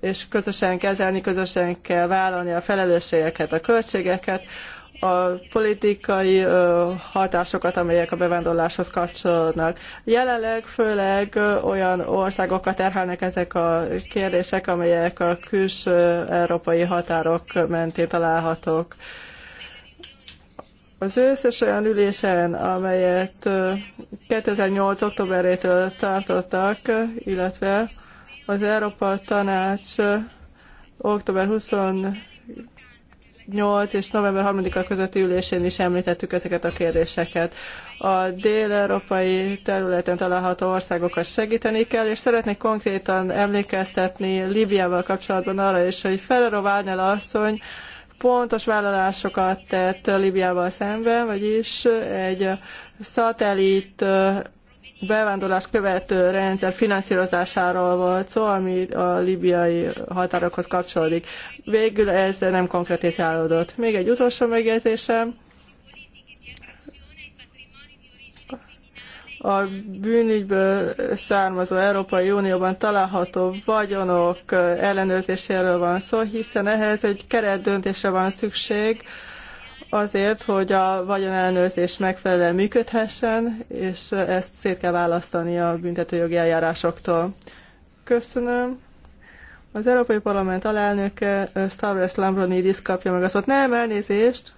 és közösen kezelni, közösen kell vállalni a felelősségeket, a költségeket, a politikai hatásokat, amelyek a bevándorláshoz kapcsolódnak. Jelenleg főleg olyan országokat terhelnek ezek a kérdések, amelyek a külső európai határok mentén találhatók. Az összes olyan ülésen, amelyet 2008. októberétől tartottak, illetve az Európa Tanács október 28 és november 3-a közötti ülésén is említettük ezeket a kérdéseket. A dél-európai területen található országokat segíteni kell, és szeretnék konkrétan emlékeztetni Líbiával kapcsolatban arra is, hogy Ferrero Wagner asszony pontos vállalásokat tett Libiával szemben, vagyis egy szatellit bevándorlás követő rendszer finanszírozásáról volt szó, ami a libiai határokhoz kapcsolódik. Végül ez nem konkretizálódott. Még egy utolsó megjegyzésem. a bűnügyből származó Európai Unióban található vagyonok ellenőrzéséről van szó, hiszen ehhez egy keretdöntésre van szükség azért, hogy a vagyonellenőrzés megfelelően működhessen, és ezt szét kell választani a büntetőjogi eljárásoktól. Köszönöm. Az Európai Parlament alelnöke Stavros Lambronidis kapja meg azt, nem elnézést,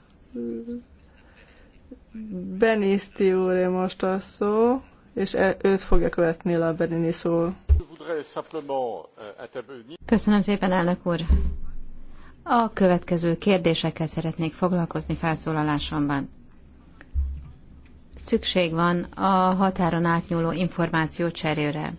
Beniszti úré most
a szó, és e- őt fogja követni a Benini szó. Köszönöm szépen, elnök úr. A következő kérdésekkel szeretnék foglalkozni felszólalásomban. Szükség van a határon átnyúló információ cserére.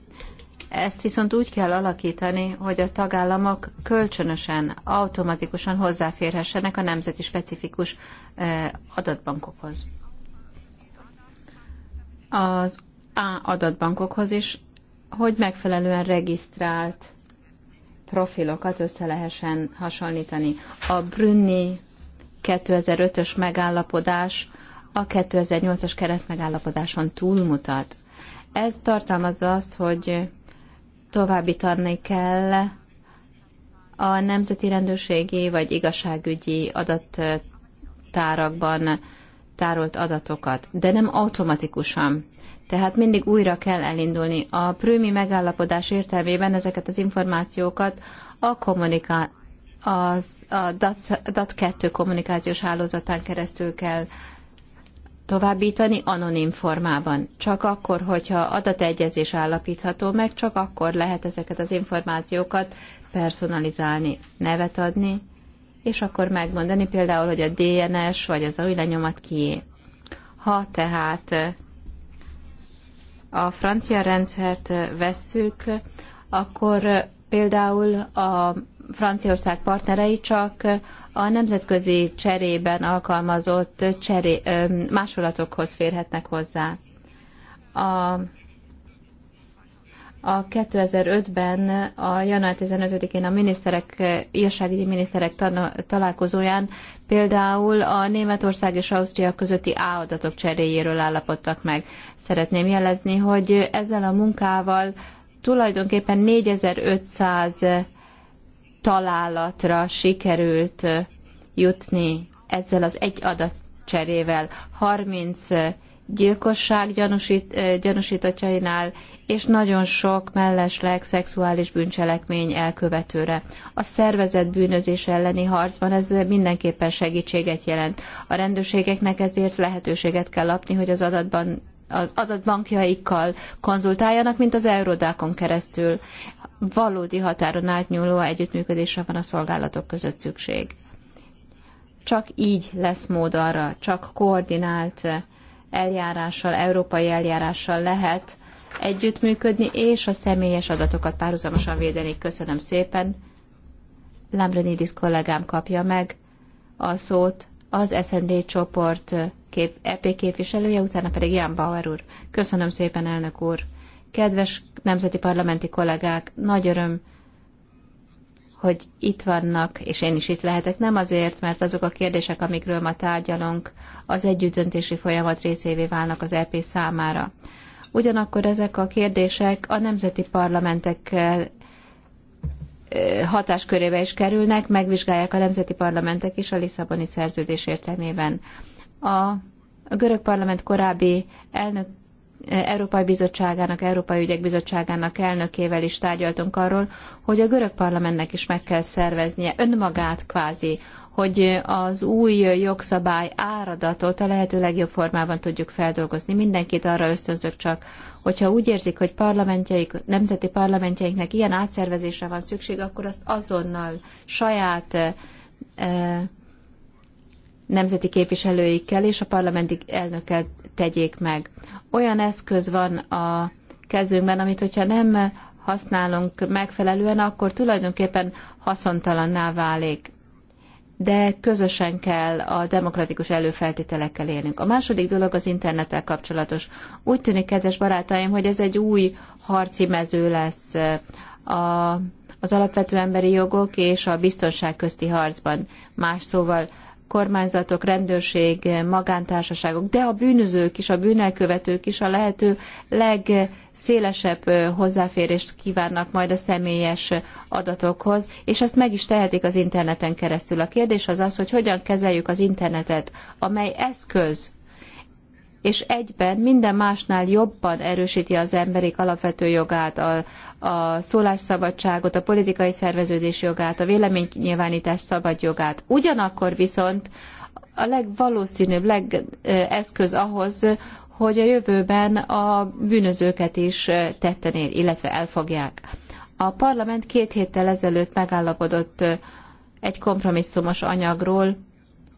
Ezt viszont úgy kell alakítani, hogy a tagállamok kölcsönösen, automatikusan hozzáférhessenek a nemzeti specifikus eh, adatbankokhoz az A adatbankokhoz is, hogy megfelelően regisztrált profilokat össze lehessen hasonlítani. A Brünni 2005-ös megállapodás a 2008-as keretmegállapodáson túlmutat. Ez tartalmazza azt, hogy továbbítani kell a nemzeti rendőrségi vagy igazságügyi adattárakban tárolt adatokat, de nem automatikusan. Tehát mindig újra kell elindulni. A prümi megállapodás értelmében ezeket az információkat a kommuniká az, a DAT2 kommunikációs hálózatán keresztül kell továbbítani anonim formában. Csak akkor, hogyha adategyezés állapítható meg, csak akkor lehet ezeket az információkat personalizálni, nevet adni, és akkor megmondani például, hogy a DNS vagy az új lenyomat kié. Ha tehát eh, a francia rendszert eh, vesszük, akkor eh, például a Franciaország partnerei csak a nemzetközi cserében alkalmazott cseré, másolatokhoz férhetnek hozzá. A a 2005-ben a január 15-én a miniszterek, írságügyi miniszterek találkozóján például a Németország és Ausztria közötti áadatok cseréjéről állapodtak meg. Szeretném jelezni, hogy ezzel a munkával tulajdonképpen 4500 találatra sikerült jutni ezzel az egy adatcserével. 30 gyilkosság gyanúsít, gyanúsítottjainál és nagyon sok mellesleg szexuális bűncselekmény elkövetőre. A szervezet bűnözés elleni harcban ez mindenképpen segítséget jelent. A rendőrségeknek ezért lehetőséget kell adni, hogy az adatban az adatbankjaikkal konzultáljanak, mint az Eurodákon keresztül. Valódi határon átnyúló együttműködésre van a szolgálatok között szükség. Csak így lesz mód arra, csak koordinált eljárással, európai eljárással lehet együttműködni, és a személyes adatokat párhuzamosan védeni. Köszönöm szépen. Lambrinidis kollégám kapja meg a szót az SND csoport kép, EP képviselője, utána pedig Jan Bauer úr. Köszönöm szépen, elnök úr. Kedves nemzeti parlamenti kollégák, nagy öröm, hogy itt vannak, és én is itt lehetek, nem azért, mert azok a kérdések, amikről ma tárgyalunk, az együttdöntési folyamat részévé válnak az EP számára. Ugyanakkor ezek a kérdések a nemzeti parlamentek eh, eh, hatáskörébe is kerülnek, megvizsgálják a nemzeti parlamentek is a Lisszaboni szerződés értelmében. A görög parlament korábbi elnök eh, Európai Bizottságának, Európai Ügyek Bizottságának elnökével is tárgyaltunk arról, hogy a görög parlamentnek is meg kell szerveznie önmagát kvázi hogy az új jogszabály áradatot a lehető legjobb formában tudjuk feldolgozni. Mindenkit arra ösztönzök csak, hogyha úgy érzik, hogy parlamentjeik, nemzeti parlamentjeiknek ilyen átszervezésre van szükség, akkor azt azonnal saját eh, nemzeti képviselőikkel és a parlamenti elnökkel tegyék meg. Olyan eszköz van a kezünkben, amit hogyha nem használunk megfelelően, akkor tulajdonképpen haszontalanná válik de közösen kell a demokratikus előfeltételekkel élnünk. A második dolog az internettel kapcsolatos. Úgy tűnik, kedves barátaim, hogy ez egy új harci mező lesz eh, a, az alapvető emberi jogok és a biztonság közti harcban. Más szóval kormányzatok, rendőrség, magántársaságok, de a bűnözők is, a bűnelkövetők is a lehető legszélesebb hozzáférést kívánnak majd a személyes adatokhoz, és ezt meg is tehetik az interneten keresztül. A kérdés az az, hogy hogyan kezeljük az internetet, amely eszköz és egyben minden másnál jobban erősíti az emberek alapvető jogát, a, a szólásszabadságot, a politikai szerveződés jogát, a véleménynyilvánítás szabad jogát. Ugyanakkor viszont a legvalószínűbb legeszköz ahhoz, hogy a jövőben a bűnözőket is tetten ér, illetve elfogják. A parlament két héttel ezelőtt megállapodott egy kompromisszumos anyagról,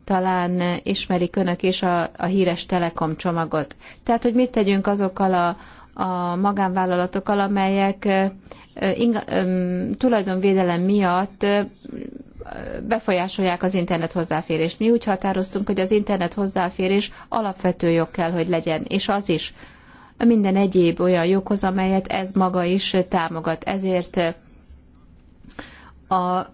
talán ismerik önök is a, a híres telekom csomagot. Tehát, hogy mit tegyünk azokkal a, a magánvállalatokkal, amelyek inga, tulajdonvédelem miatt befolyásolják az internet hozzáférést. Mi úgy határoztunk, hogy az internet hozzáférés alapvető jog kell, hogy legyen, és az is minden egyéb olyan joghoz, amelyet ez maga is támogat. Ezért a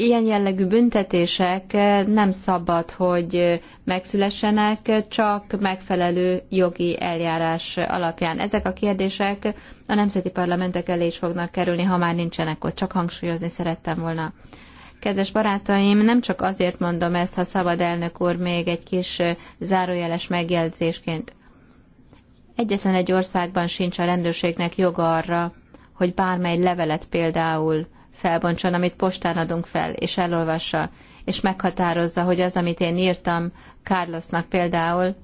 ilyen jellegű büntetések nem szabad, hogy megszülessenek, csak megfelelő jogi eljárás alapján. Ezek a kérdések a nemzeti parlamentek elé is fognak kerülni, ha már nincsenek ott, csak hangsúlyozni szerettem volna. Kedves barátaim, nem csak azért mondom ezt, ha szabad elnök úr, még egy kis zárójeles megjegyzésként. Egyetlen egy országban sincs a rendőrségnek joga arra, hogy bármely levelet például felbontson, amit postán adunk fel, és elolvassa, és meghatározza, hogy az, amit én írtam Carlosnak például,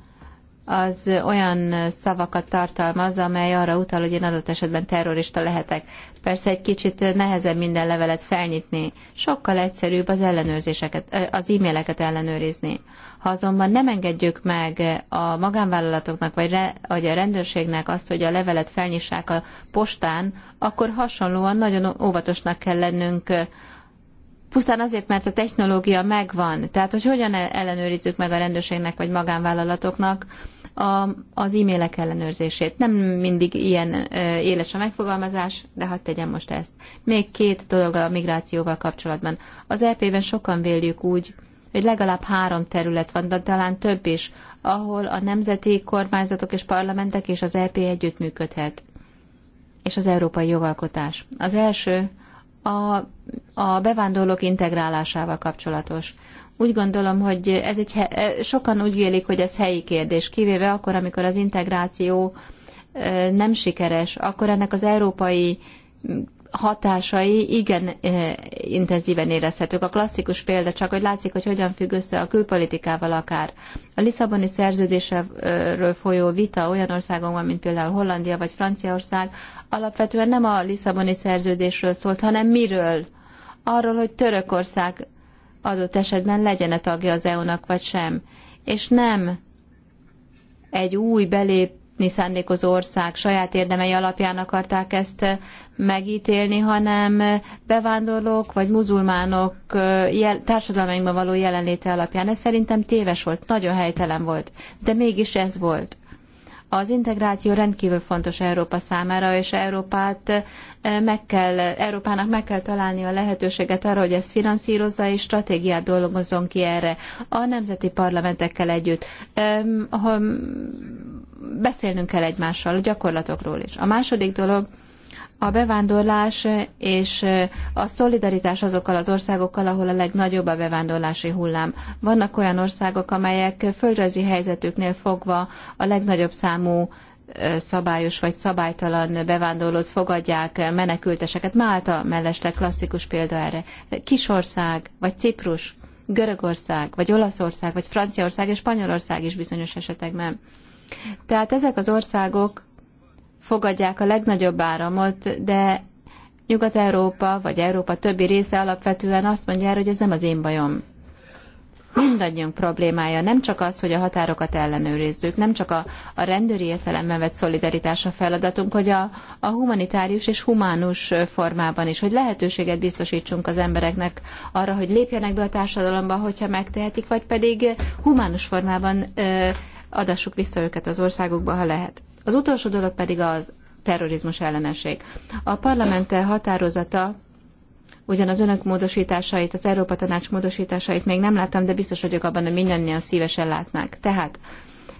az olyan szavakat tartalmaz, amely arra utal, hogy én adott esetben terrorista lehetek. Persze egy kicsit nehezebb minden levelet felnyitni, sokkal egyszerűbb az ellenőrzéseket, az e-maileket ellenőrizni. Ha azonban nem engedjük meg a magánvállalatoknak vagy, re, vagy a rendőrségnek azt, hogy a levelet felnyissák a postán, akkor hasonlóan nagyon óvatosnak kell lennünk pusztán azért, mert a technológia megvan. Tehát, hogy hogyan e- ellenőrizzük meg a rendőrségnek vagy magánvállalatoknak, a, az e-mailek ellenőrzését. Nem mindig ilyen ö, éles a megfogalmazás, de hadd tegyem most ezt. Még két dolog a migrációval kapcsolatban. Az EP-ben sokan véljük úgy, hogy legalább három terület van, de talán több is, ahol a nemzeti kormányzatok és parlamentek és az EP együttműködhet, és az európai jogalkotás. Az első a, a bevándorlók integrálásával kapcsolatos úgy gondolom, hogy ez egy, e, sokan úgy vélik, hogy ez helyi kérdés, kivéve akkor, amikor az integráció e, nem sikeres, akkor ennek az európai hatásai igen e, intenzíven érezhetők. A klasszikus példa csak, hogy látszik, hogy hogyan függ össze a külpolitikával akár. A Lisszaboni szerződésről folyó vita olyan országokban, mint például Hollandia vagy Franciaország, alapvetően nem a Lisszaboni szerződésről szólt, hanem miről? Arról, hogy Törökország adott esetben legyen-e tagja az EU-nak, vagy sem. És nem egy új belépni szándékozó ország saját érdemei alapján akarták ezt eh, megítélni, hanem eh, bevándorlók vagy muzulmánok eh, társadalmainkban való jelenléte alapján. Ez szerintem téves volt, nagyon helytelen volt, de mégis ez volt. Az integráció rendkívül fontos Európa számára, és Európát meg kell, Európának meg kell találni a lehetőséget arra, hogy ezt finanszírozza, és stratégiát dolgozzon ki erre a nemzeti parlamentekkel együtt. Beszélnünk kell egymással a gyakorlatokról is. A második dolog, a bevándorlás és a szolidaritás azokkal az országokkal, ahol a legnagyobb a bevándorlási hullám. Vannak olyan országok, amelyek földrajzi helyzetüknél fogva a legnagyobb számú szabályos vagy szabálytalan bevándorlót fogadják, menekülteseket. Málta mellesleg klasszikus példa erre. Kisország, vagy Ciprus, Görögország, vagy Olaszország, vagy Franciaország és Spanyolország is bizonyos esetekben. Tehát ezek az országok fogadják a legnagyobb áramot, de Nyugat-Európa, vagy Európa többi része alapvetően azt mondja erre, hogy ez nem az én bajom mindannyiunk problémája. Nem csak az, hogy a határokat ellenőrizzük, nem csak a, a rendőri értelemben vett szolidaritás a feladatunk, hogy a, a humanitárius és humánus formában is, hogy lehetőséget biztosítsunk az embereknek arra, hogy lépjenek be a társadalomba, hogyha megtehetik, vagy pedig humánus formában ö, adassuk vissza őket az országukba, ha lehet. Az utolsó dolog pedig az terrorizmus ellenesség. A parlament határozata Ugyan az önök módosításait, az Európa Tanács módosításait még nem láttam, de biztos vagyok abban, hogy mindannyian szívesen látnák. Tehát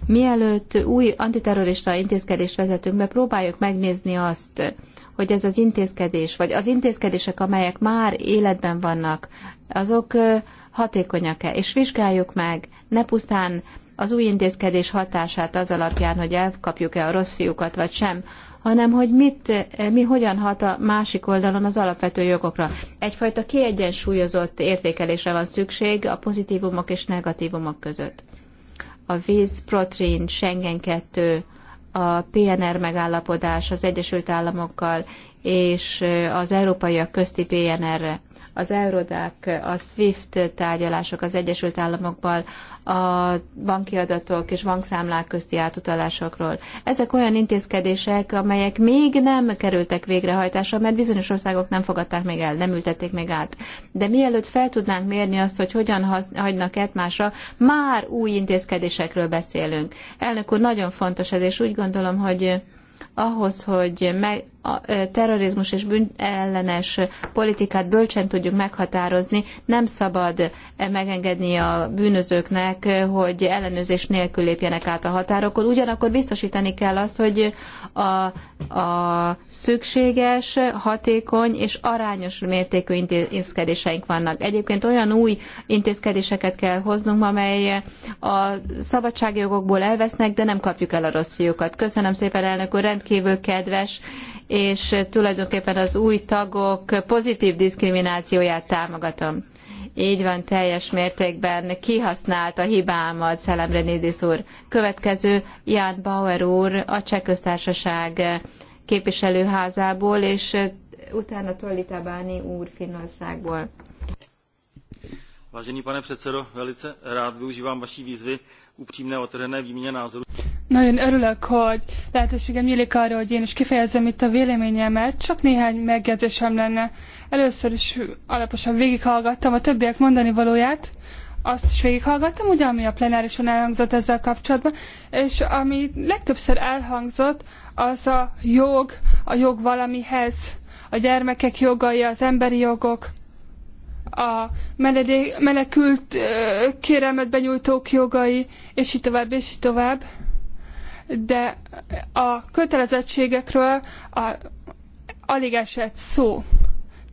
mielőtt új antiterrorista intézkedést vezetünk be, próbáljuk megnézni azt, hogy ez az intézkedés, vagy az intézkedések, amelyek már életben vannak, azok hatékonyak-e, és vizsgáljuk meg, ne pusztán az új intézkedés hatását az alapján, hogy elkapjuk-e a rossz fiúkat, vagy sem, hanem hogy mit, mi hogyan hat a másik oldalon az alapvető jogokra. Egyfajta kiegyensúlyozott értékelésre van szükség a pozitívumok és negatívumok között. A víz, protrin, Schengen 2, a PNR megállapodás az Egyesült Államokkal és az európaiak közti PNR-re az Eurodac, a SWIFT tárgyalások az Egyesült Államokban, a banki adatok és bankszámlák közti átutalásokról. Ezek olyan intézkedések, amelyek még nem kerültek végrehajtásra, mert bizonyos országok nem fogadták még el, nem ültették még át. De mielőtt fel tudnánk mérni azt, hogy hogyan hagynak egymásra, már új intézkedésekről beszélünk. Elnök úr, nagyon fontos ez, és úgy gondolom, hogy ahhoz, hogy meg, a terrorizmus és bűnellenes politikát bölcsen tudjuk meghatározni, nem szabad megengedni a bűnözőknek, hogy ellenőrzés nélkül lépjenek át a határokon. Ugyanakkor biztosítani kell azt, hogy a, a szükséges, hatékony és arányos mértékű intézkedéseink vannak. Egyébként olyan új intézkedéseket kell hoznunk, amely a szabadságjogokból elvesznek, de nem kapjuk el a rossz fiúkat. Köszönöm szépen, elnök úr, rendkívül kedves, és tulajdonképpen az új tagok pozitív diszkriminációját támogatom. Így van, teljes mértékben kihasználta hibámat Szelemrenidis úr. Következő Ján Bauer úr a Cseh Köztársaság képviselőházából, és utána Tolli tabani úr Finnországból.
Vážený pane předsedo, velice rád využívám vaší výzvy upřímné otevřené výměně názorů.
Nagyon örülök, hogy lehetőségem nyílik arra, hogy én is kifejezem itt a véleményemet. Csak néhány megjegyzésem lenne. Először is alaposan végighallgattam a többiek mondani valóját, azt is végighallgattam, ugye, ami a plenárison elhangzott ezzel kapcsolatban, és ami legtöbbször elhangzott, az a jog, a jog valamihez, a gyermekek jogai, az emberi jogok, a menedék, menekült kérelmet benyújtók jogai, és így tovább, és így tovább de a kötelezettségekről a, alig esett szó.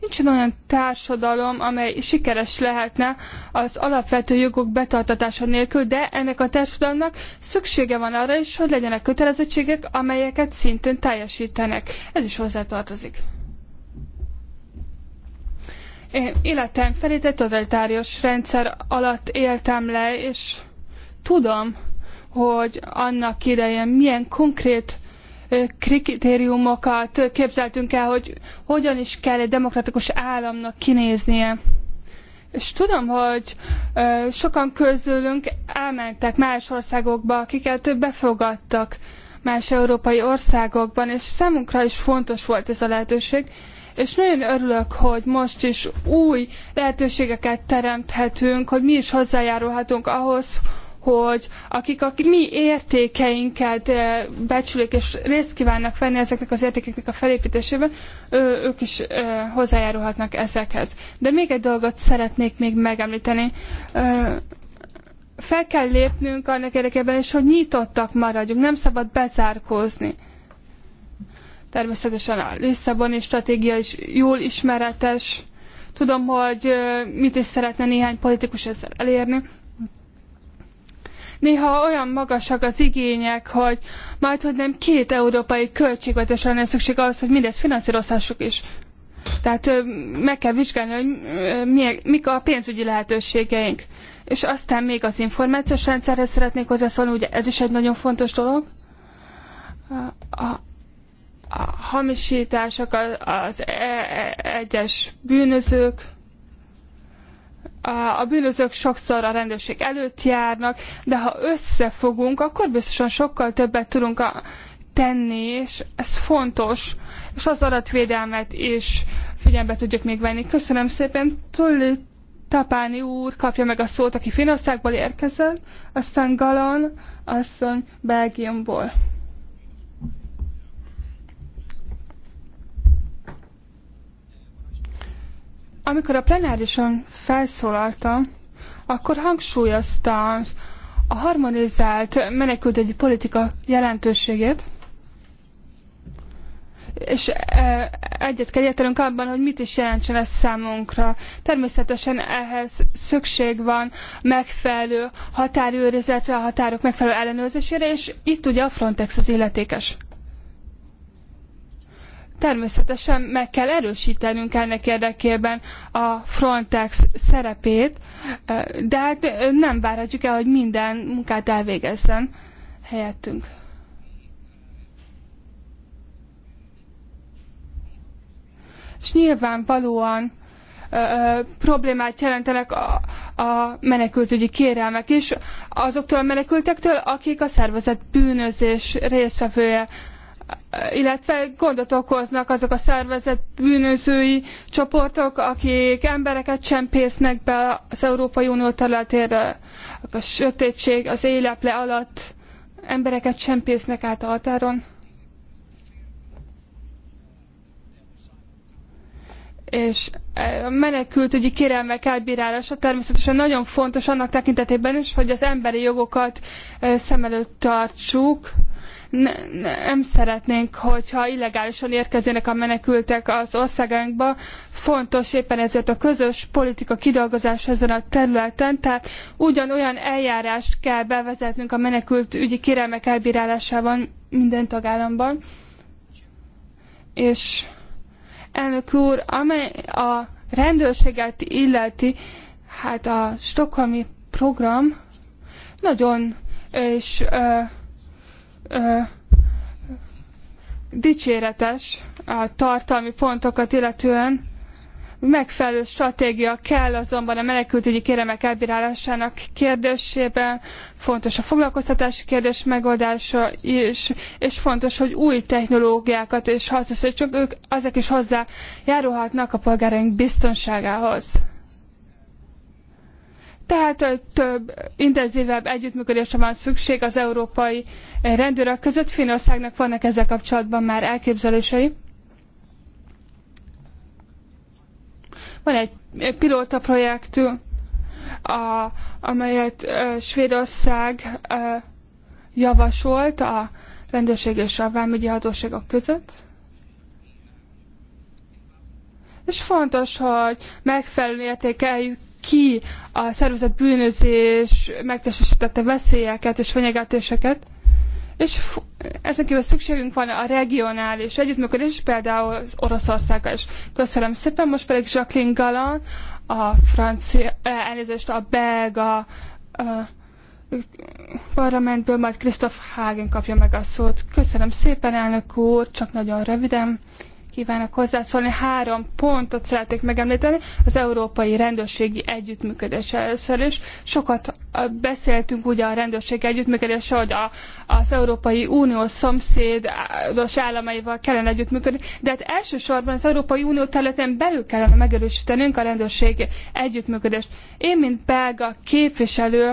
Nincsen olyan társadalom, amely sikeres lehetne az alapvető jogok betartatása nélkül, de ennek a társadalomnak szüksége van arra is, hogy legyenek kötelezettségek, amelyeket szintén teljesítenek. Ez is hozzátartozik. Én életem felét egy totalitárius rendszer alatt éltem le, és tudom, hogy annak idején milyen konkrét kritériumokat képzeltünk el, hogy hogyan is kell egy demokratikus államnak kinéznie. És tudom, hogy sokan közülünk elmentek más országokba, akiket befogadtak más európai országokban, és számunkra is fontos volt ez a lehetőség. És nagyon örülök, hogy most is új lehetőségeket teremthetünk, hogy mi is hozzájárulhatunk ahhoz, hogy akik a mi értékeinket eh, becsülik és részt kívánnak venni ezeknek az értékeknek a felépítésében, ők is eh, hozzájárulhatnak ezekhez. De még egy dolgot szeretnék még megemlíteni fel kell lépnünk annak érdekében is, hogy nyitottak maradjunk, nem szabad bezárkózni. Természetesen a Lisszaboni stratégia is jól ismeretes. Tudom, hogy mit is szeretne néhány politikus ezzel elérni, Néha olyan magasak az igények, hogy majd, hogy nem két európai költségvetésre lenne szükség ahhoz, hogy mindezt finanszírozhassuk is. Tehát meg kell vizsgálni, hogy mik a pénzügyi lehetőségeink. És aztán még az információs rendszerhez szeretnék hozzászólni, ugye ez is egy nagyon fontos dolog. A, a hamisítások, az, az e, e, egyes bűnözők, a bűnözők sokszor a rendőrség előtt járnak, de ha összefogunk, akkor biztosan sokkal többet tudunk a, tenni, és ez fontos, és az adatvédelmet is figyelembe tudjuk még venni. Köszönöm szépen, Tulli Tapáni úr kapja meg a szót, aki Finországból érkezett, aztán Galon, asszony Belgiumból. Amikor a plenárison felszólaltam, akkor hangsúlyoztam a harmonizált menekültügyi politika jelentőségét, és e, egyet kell értenünk abban, hogy mit is jelentsen ez számunkra. Természetesen ehhez szükség van megfelelő határőrizetre, a határok megfelelő ellenőrzésére, és itt ugye a Frontex az illetékes természetesen meg kell erősítenünk ennek érdekében a Frontex szerepét, de hát nem várhatjuk el, hogy minden munkát elvégezzen helyettünk. És nyilvánvalóan problémát jelentenek a, a menekültügyi kérelmek is azoktól a menekültektől, akik a szervezet bűnözés résztvevője illetve gondot okoznak azok a szervezett bűnözői csoportok, akik embereket csempésznek be az Európai Unió területére, a sötétség az éleple alatt embereket csempésznek át a határon. és e, a menekültügyi kérelmek elbírálása természetesen nagyon fontos annak tekintetében is, hogy az emberi jogokat e, szem előtt tartsuk. Ne, nem szeretnénk, hogyha illegálisan érkeznének a menekültek az országainkba. Fontos éppen ezért a közös politika kidolgozása ezen a területen, tehát ugyanolyan eljárást kell bevezetnünk a menekültügyi kérelmek elbírálásában minden tagállamban. És Elnök úr, amely a rendőrséget illeti, hát a stokholmi program nagyon és ö, ö, dicséretes a tartalmi pontokat illetően, Megfelelő stratégia kell azonban a menekültügyi kéremek elbírálásának kérdésében, fontos a foglalkoztatási kérdés megoldása is, és fontos, hogy új technológiákat és hasznosítsunk, ők azok is hozzájárulhatnak a polgáraink biztonságához. Tehát több intenzívebb együttműködésre van szükség az európai rendőrök között. Finországnak vannak ezzel kapcsolatban már elképzelései. Van egy pilóta projektünk, a, amelyet e, Svédország e, javasolt a rendőrség és a vámügyi hatóságok között. És fontos, hogy megfelelően értékeljük ki a szervezet bűnözés megtestesítette veszélyeket és fenyegetéseket, és ezen kívül szükségünk van a regionális együttműködés, például az Oroszországgal is. Köszönöm szépen, most pedig Jacqueline Galan, a francia, eh, elnézést a belga a eh, parlamentből, majd Christoph Hagen kapja meg a szót. Köszönöm szépen, elnök úr, csak nagyon röviden kívánok hozzászólni. Három pontot szeretnék megemlíteni. Az európai rendőrségi együttműködés először is. Sokat beszéltünk ugye a rendőrségi együttműködésről, hogy a, az Európai Unió szomszédos államaival kellene együttműködni, de hát elsősorban az Európai Unió területén belül kellene megerősítenünk a rendőrségi együttműködést. Én, mint belga képviselő,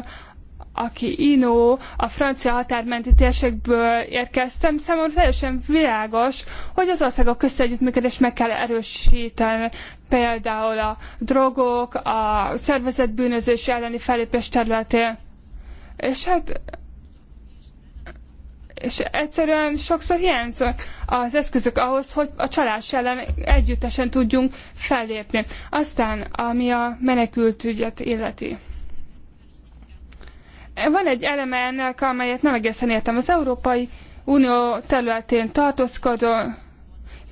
aki Inó, a francia határmenti térségből érkeztem, számomra teljesen világos, hogy az országok közti együttműködést meg kell erősíteni, például a drogok, a szervezett bűnözés elleni fellépés területén. És hát és egyszerűen sokszor hiányznak az eszközök ahhoz, hogy a csalás ellen együttesen tudjunk fellépni. Aztán, ami a menekültügyet illeti. Van egy eleme ennek, amelyet nem egészen értem. Az Európai Unió területén tartózkodó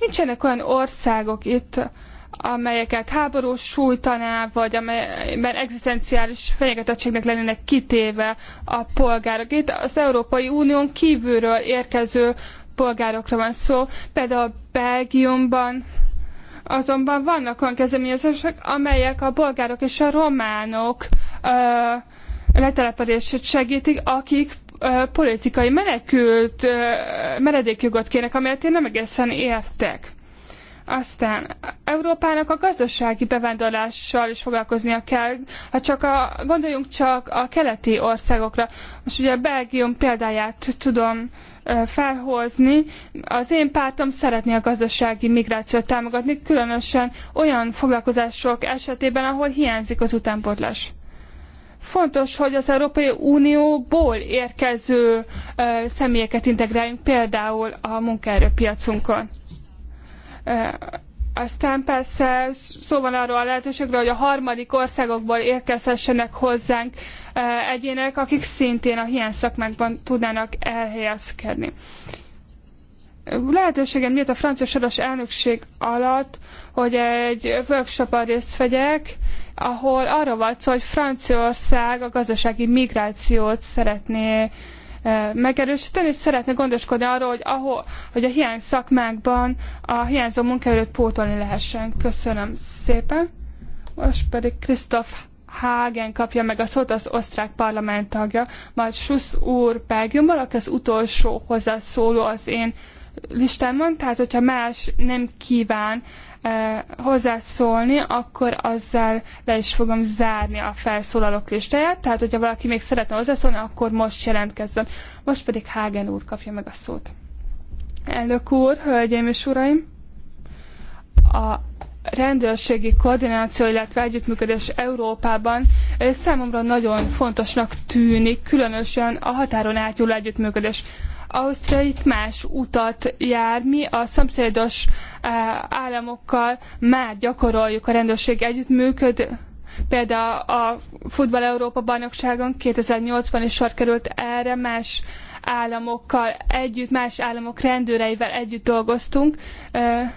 nincsenek olyan országok itt, amelyeket háború sújtaná, vagy amelyben egzisztenciális fenyegetettségnek lennének kitéve a polgárok. Itt az Európai Unión kívülről érkező polgárokra van szó, például Belgiumban, azonban vannak olyan kezdeményezések, amelyek a bolgárok és a románok letelepedését segítik, akik politikai menekült menedékjogot kérnek, amelyet én nem egészen értek. Aztán Európának a gazdasági bevándorlással is foglalkoznia kell. Hát csak a, gondoljunk csak a keleti országokra. Most ugye a Belgium példáját tudom felhozni. Az én pártom szeretné a gazdasági migrációt támogatni, különösen olyan foglalkozások esetében, ahol hiányzik az utánpótlás. Fontos, hogy az Európai Unióból érkező személyeket integráljunk például a munkaerőpiacunkon. Aztán persze szó van arról a lehetőségről, hogy a harmadik országokból érkezhessenek hozzánk egyének, akik szintén a hiány szakmákban tudnának elhelyezkedni lehetőségem nyílt a francia soros elnökség alatt, hogy egy workshop részt vegyek, ahol arra volt szó, hogy Franciaország a gazdasági migrációt szeretné eh, megerősíteni, és szeretne gondoskodni arról, hogy, ahol, hogy a hiány szakmákban a hiányzó munkaerőt pótolni lehessen. Köszönöm szépen. Most pedig Krisztof Hagen kapja meg a szót, az osztrák parlament tagja, majd Schuss úr Belgiumból, aki az utolsó hozzászóló az én listámon, tehát hogyha más nem kíván eh, hozzászólni, akkor azzal le is fogom zárni a felszólalók listáját, tehát hogyha valaki még szeretne hozzászólni, akkor most jelentkezzen. Most pedig Hágen úr kapja meg a szót. Elnök úr, hölgyeim és uraim! A rendőrségi koordináció, illetve együttműködés Európában eh, számomra nagyon fontosnak tűnik, különösen a határon átnyúló együttműködés. Ausztria itt más utat jár. Mi a szomszédos eh, államokkal már gyakoroljuk a rendőrség együttműködését például a Futball Európa bajnokságon 2008-ban is sor került erre, más államokkal együtt, más államok rendőreivel együtt dolgoztunk. Eh,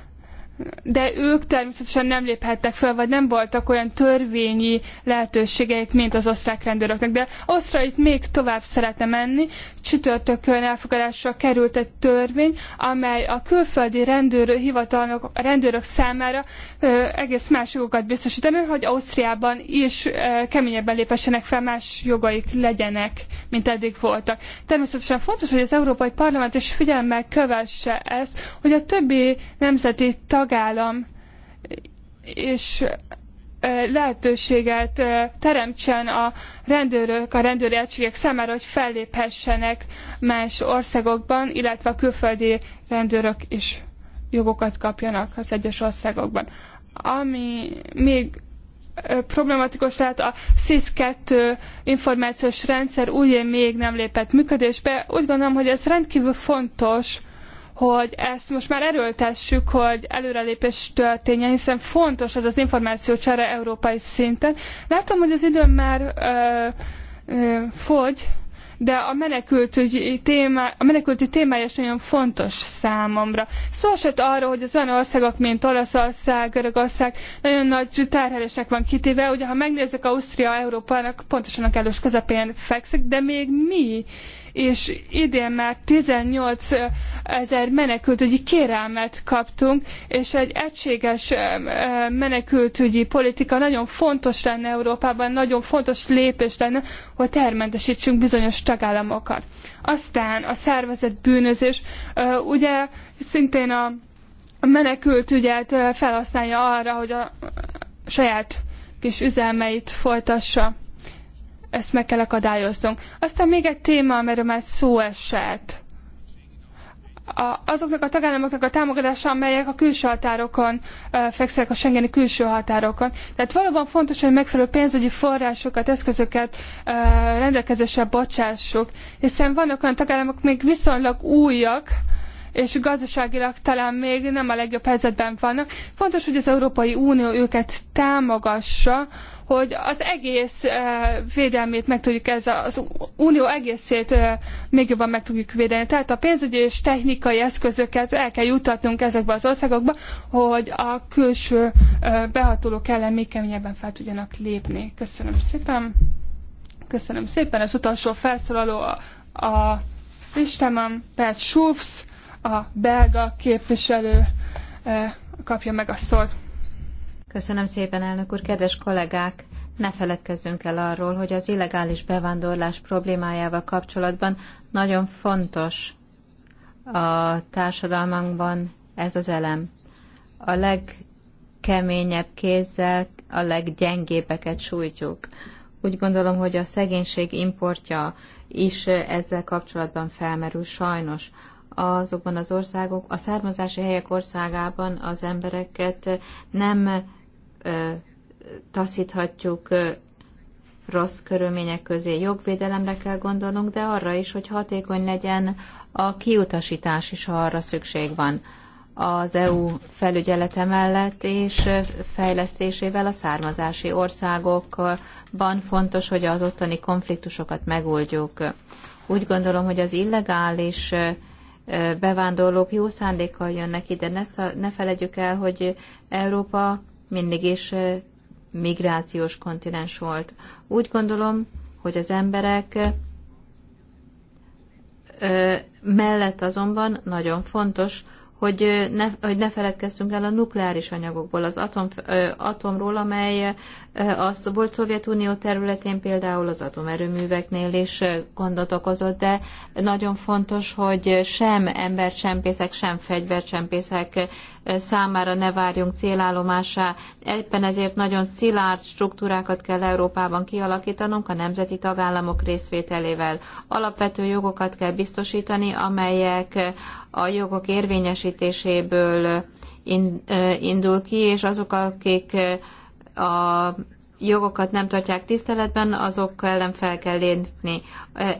de ők természetesen nem léphettek fel, vagy nem voltak olyan törvényi lehetőségeik, mint az osztrák rendőröknek. De osztrait még tovább szeretne menni. Csütörtökön elfogadásra került egy törvény, amely a külföldi rendőr, hivatalnok, rendőrök számára ö, egész más jogokat biztosítani, hogy Ausztriában is ö, keményebben lépessenek fel, más jogaik legyenek, mint eddig voltak. Természetesen fontos, hogy az Európai Parlament is figyelemmel kövesse ezt, hogy a többi nemzeti tag tagállam és lehetőséget teremtsen a rendőrök, a rendőri egységek számára, hogy felléphessenek más országokban, illetve a külföldi rendőrök is jogokat kapjanak az egyes országokban. Ami még problematikus lehet a SIS-2 információs rendszer újjén még nem lépett működésbe. Úgy gondolom, hogy ez rendkívül fontos, hogy ezt most már erőltessük, hogy előrelépés történjen, hiszen fontos ez az információcsere európai szinten. Látom, hogy az időm már ö, ö, fogy, de a menekültügyi téma, a menekülti témája is nagyon fontos számomra. Szó esett arról, hogy az olyan országok, mint Olaszország, Görögország nagyon nagy terhelésnek van kitéve. Ugye, ha megnézzük, Ausztria Európának pontosan a kellős közepén fekszik, de még mi és idén már 18 ezer menekültügyi kérelmet kaptunk, és egy egységes menekültügyi politika nagyon fontos lenne Európában, nagyon fontos lépés lenne, hogy termentesítsünk bizonyos tagállamokat. Aztán a szervezett bűnözés, ugye szintén a menekültügyet felhasználja arra, hogy a saját kis üzelmeit folytassa ezt meg kell akadályoznunk. Aztán még egy téma, amiről már szó esett. A, azoknak a tagállamoknak a támogatása, amelyek a külső határokon e, fekszenek, a Schengeni külső határokon. Tehát valóban fontos, hogy megfelelő pénzügyi forrásokat, eszközöket e, rendelkezésre bocsássuk, hiszen vannak olyan tagállamok még viszonylag újak, és gazdaságilag talán még nem a legjobb helyzetben vannak. Fontos, hogy az Európai Unió őket támogassa, hogy az egész eh, védelmét meg tudjuk, ez az unió egészét eh, még jobban meg tudjuk védeni. Tehát a pénzügyi és technikai eszközöket el kell juttatnunk ezekbe az országokba, hogy a külső eh, behatolók ellen még keményebben fel tudjanak lépni. Köszönöm szépen. Köszönöm szépen. Az utolsó felszólaló a, a listámon, Pat Schulz a belga
képviselő eh, kapja meg a szót. Köszönöm szépen, elnök úr. Kedves kollégák, ne feledkezzünk el arról, hogy az illegális bevándorlás problémájával kapcsolatban nagyon fontos a társadalmunkban ez az elem. A legkeményebb kézzel a leggyengébbeket sújtjuk. Úgy gondolom, hogy a szegénység importja is ezzel kapcsolatban felmerül sajnos azokban az országok, a származási helyek országában az embereket nem taszíthatjuk rossz körülmények közé. Jogvédelemre kell gondolnunk, de arra is, hogy hatékony legyen a kiutasítás is, ha arra szükség van az EU felügyelete mellett és fejlesztésével a származási országokban fontos, hogy az ottani konfliktusokat megoldjuk. Úgy gondolom, hogy az illegális bevándorlók jó szándékkal jönnek ide. Ne, ne felejtjük el, hogy Európa mindig is migrációs kontinens volt. Úgy gondolom, hogy az emberek mellett azonban nagyon fontos, hogy ne, hogy ne feledkezzünk el a nukleáris anyagokból, az atom, atomról, amely a volt Szovjetunió területén például az atomerőműveknél is gondot okozott, de nagyon fontos, hogy sem embercsempészek, sem fegyvercsempészek számára ne várjunk célállomásá. Éppen ezért nagyon szilárd struktúrákat kell Európában kialakítanunk a nemzeti tagállamok részvételével. Alapvető jogokat kell biztosítani, amelyek a jogok érvényesítéséből indul ki, és azok, akik a jogokat nem tartják tiszteletben, azok ellen fel kell lépni.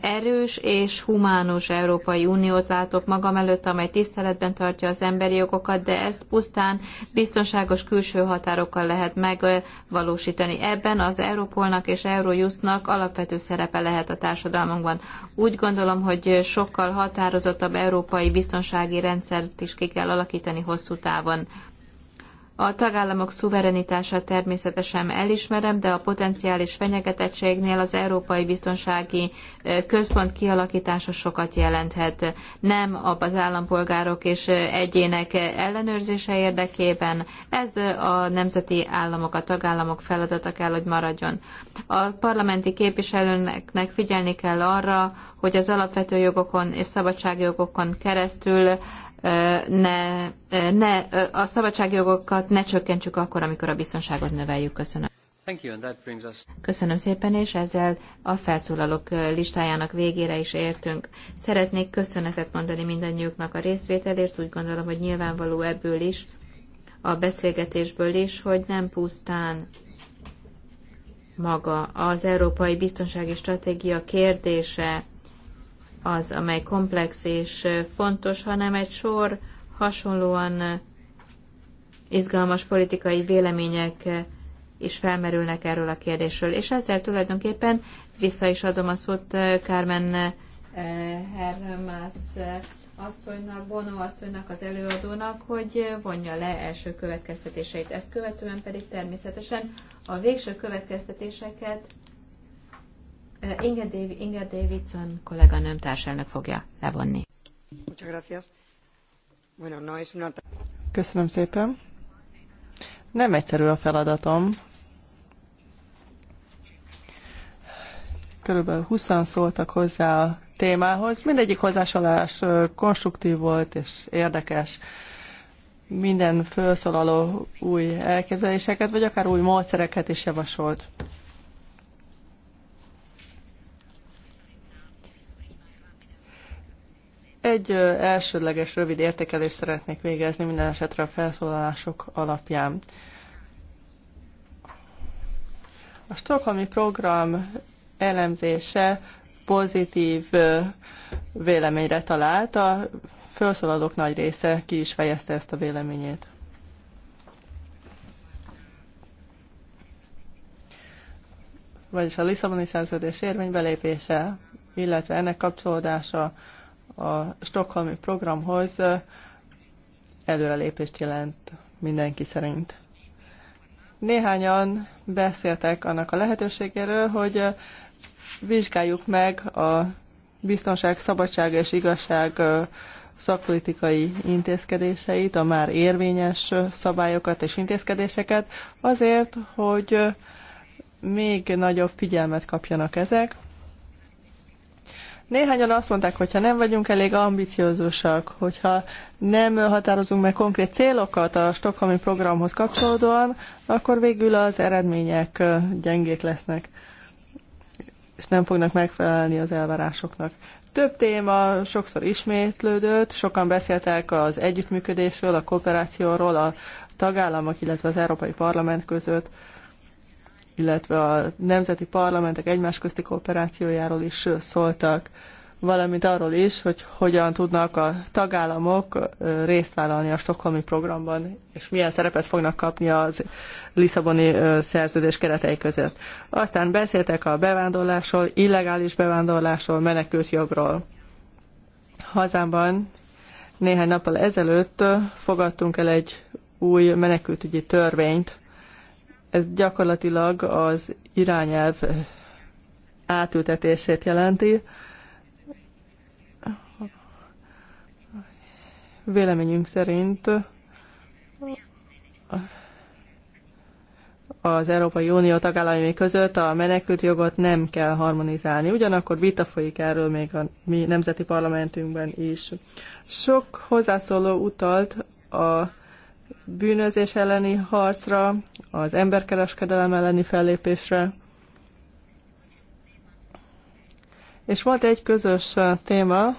Erős és humánus Európai Uniót látok magam előtt, amely tiszteletben tartja az emberi jogokat, de ezt pusztán biztonságos külső határokkal lehet megvalósítani. Ebben az Európolnak és Eurojustnak alapvető szerepe lehet a társadalmunkban. Úgy gondolom, hogy sokkal határozottabb európai biztonsági rendszert is ki kell alakítani hosszú távon a tagállamok szuverenitását természetesen elismerem, de a potenciális fenyegetettségnél az Európai Biztonsági Központ kialakítása sokat jelenthet. Nem az állampolgárok és egyének ellenőrzése érdekében, ez a nemzeti államok, a tagállamok feladata kell, hogy maradjon. A parlamenti képviselőnek figyelni kell arra, hogy az alapvető jogokon és szabadságjogokon keresztül ne, ne, a szabadságjogokat ne csökkentsük akkor, amikor a biztonságot növeljük. Köszönöm. Köszönöm szépen, és ezzel a felszólalók listájának végére is értünk. Szeretnék köszönetet mondani mindannyiuknak a részvételért, úgy gondolom, hogy nyilvánvaló ebből is, a beszélgetésből is, hogy nem pusztán maga az európai biztonsági stratégia kérdése az, amely komplex és fontos, hanem egy sor hasonlóan izgalmas politikai vélemények is felmerülnek erről a kérdésről. És ezzel tulajdonképpen vissza is adom a szót Carmen Hermas asszonynak, Bono asszonynak, az előadónak, hogy vonja le első következtetéseit. Ezt követően pedig természetesen a végső következtetéseket Eh, Inger, Dav- Inge Davidson kolléganőm társelnök fogja levonni.
Köszönöm szépen. Nem egyszerű a feladatom. Körülbelül 20 szóltak hozzá a témához. Mindegyik hozzásolás konstruktív volt és érdekes minden felszólaló új elképzeléseket, vagy akár új módszereket is javasolt. Egy elsődleges rövid értékelést szeretnék végezni minden esetre a felszólalások alapján. A Stockholmi program elemzése pozitív véleményre talált, a felszólalók nagy része ki is fejezte ezt a véleményét. Vagyis a Lisszaboni szerződés érvénybelépése, illetve ennek kapcsolódása a Stockholmi programhoz előrelépést jelent mindenki szerint. Néhányan beszéltek annak a lehetőségéről, hogy vizsgáljuk meg a biztonság, szabadság és igazság szakpolitikai intézkedéseit, a már érvényes szabályokat és intézkedéseket, azért, hogy még nagyobb figyelmet kapjanak ezek, Néhányan azt mondták, hogy ha nem vagyunk elég ambiciózusak, hogyha nem határozunk meg konkrét célokat a Stockholmi programhoz kapcsolódóan, akkor végül az eredmények gyengék lesznek, és nem fognak megfelelni az elvárásoknak. Több téma sokszor ismétlődött, sokan beszéltek az együttműködésről, a kooperációról, a tagállamok, illetve az Európai Parlament között illetve a nemzeti parlamentek egymás közti kooperációjáról is szóltak, valamint arról is, hogy hogyan tudnak a tagállamok részt vállalni a Stockholmi programban, és milyen szerepet fognak kapni az Lisszaboni szerződés keretei között. Aztán beszéltek a bevándorlásról, illegális bevándorlásról, menekült jogról. Hazámban néhány nappal ezelőtt fogadtunk el egy új menekültügyi törvényt, ez gyakorlatilag az irányelv átültetését jelenti. Véleményünk szerint az Európai Unió tagállamai között a menekült jogot nem kell harmonizálni. Ugyanakkor vita folyik erről még a mi nemzeti parlamentünkben is. Sok hozzászóló utalt a bűnözés elleni harcra, az emberkereskedelem elleni fellépésre. És volt egy közös téma,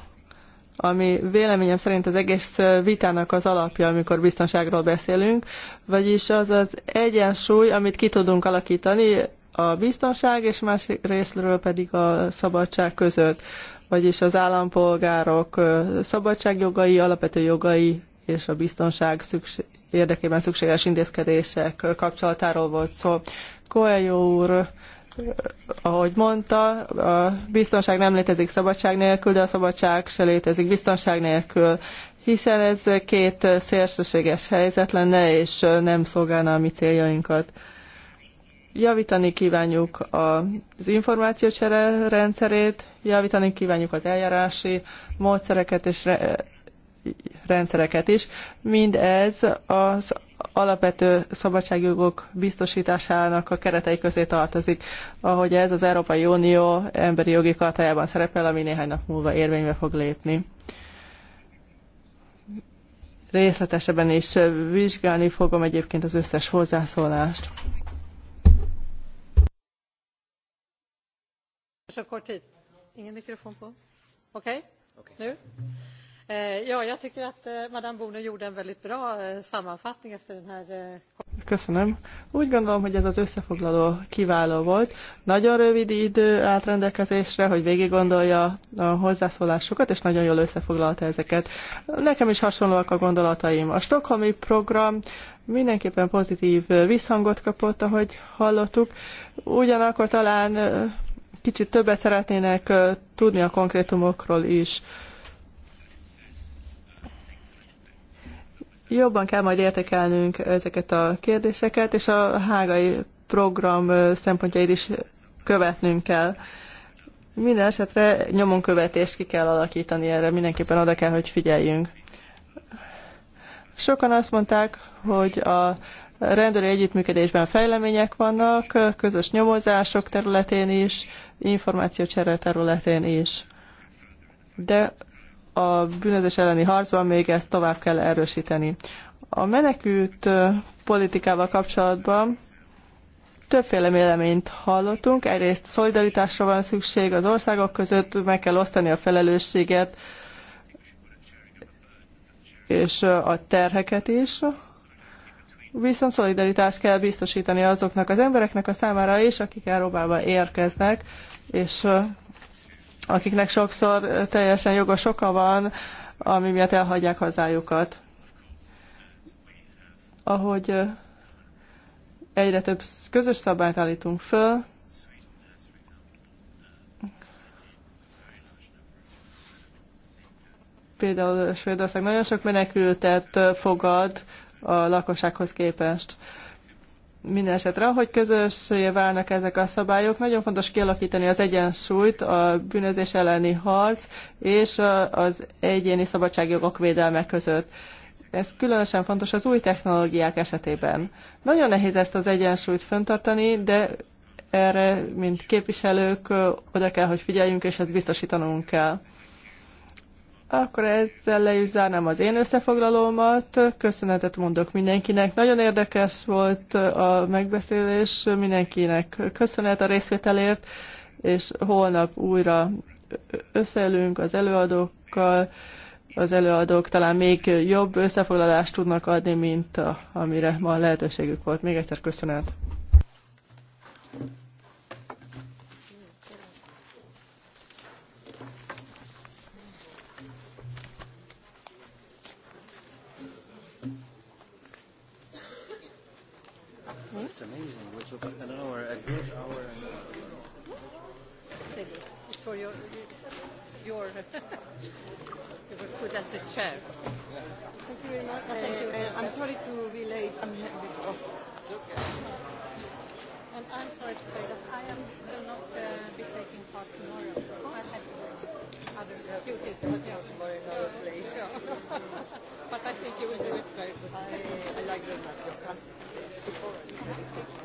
ami véleményem szerint az egész vitának az alapja, amikor biztonságról beszélünk, vagyis az az egyensúly, amit ki tudunk alakítani a biztonság és másik részről pedig a szabadság között, vagyis az állampolgárok szabadságjogai, alapvető jogai és a biztonság szükség, érdekében szükséges intézkedések kapcsolatáról volt szó. Koelyó úr, ahogy mondta, a biztonság nem létezik szabadság nélkül, de a szabadság se létezik biztonság nélkül, hiszen ez két szélsőséges helyzet lenne, és nem szolgálna a mi céljainkat. Javítani kívánjuk az információcsere rendszerét, javítani kívánjuk az eljárási módszereket és rendszereket is. Mindez az alapvető szabadságjogok biztosításának a keretei közé tartozik, ahogy ez az Európai Unió emberi jogi kartájában szerepel, ami néhány nap múlva érvénybe fog lépni. Részletesebben is vizsgálni fogom egyébként az összes hozzászólást.
És akkor Ingen mikrofon på? Okej? Okay? Okay. Eh, ja,
Köszönöm. Úgy gondolom, hogy ez az összefoglaló kiváló volt. Nagyon rövid idő állt rendelkezésre, hogy végig gondolja a hozzászólásokat, és nagyon jól összefoglalta ezeket. Nekem is hasonlóak a gondolataim. A Stockholmi program mindenképpen pozitív visszhangot kapott, ahogy hallottuk. Ugyanakkor talán eh, kicsit többet szeretnének eh, tudni a konkrétumokról is. Jobban kell majd értékelnünk ezeket a kérdéseket, és a hágai program szempontjait is követnünk kell. Minden esetre nyomon követést ki kell alakítani erre, mindenképpen oda kell, hogy figyeljünk. Sokan azt mondták, hogy a rendőri együttműködésben fejlemények vannak, közös nyomozások területén is, információcsere területén is. De a bűnözés elleni harcban még ezt tovább kell erősíteni. A menekült politikával kapcsolatban többféle véleményt hallottunk. Egyrészt szolidaritásra van szükség az országok között, meg kell osztani a felelősséget, és a terheket is. Viszont szolidaritást kell biztosítani azoknak az embereknek a számára is, akik Európába érkeznek, és akiknek sokszor teljesen jogos oka van, ami miatt elhagyják hazájukat. Ahogy egyre több közös szabályt állítunk föl, például Svédország nagyon sok menekültet fogad a lakossághoz képest minden esetre, hogy közössé válnak ezek a szabályok, nagyon fontos kialakítani az egyensúlyt a bűnözés elleni harc és az egyéni szabadságjogok védelme között. Ez különösen fontos az új technológiák esetében. Nagyon nehéz ezt az egyensúlyt föntartani, de erre, mint képviselők, oda kell, hogy figyeljünk, és ezt biztosítanunk kell. Akkor ezzel le is zárnám az én összefoglalómat. Köszönetet mondok mindenkinek. Nagyon érdekes volt a megbeszélés. Mindenkinek köszönet a részvételért, és holnap újra összeülünk az előadókkal. Az előadók talán még jobb összefoglalást tudnak adni, mint a, amire ma lehetőségük volt. Még egyszer köszönet. so an
hour, a good hour and a half. Thank you. It's for your, your, you were put as a chair. Thank you very much.
Uh, thank you. Uh, I'm
sorry to be late. I'm here before. It's okay.
And I'm sorry to say that I am will not uh, be taking part tomorrow. Oh. I had other duties, but yeah. Tomorrow another place. So. but I think you will do it very good. I, I like very much your country. Thank you.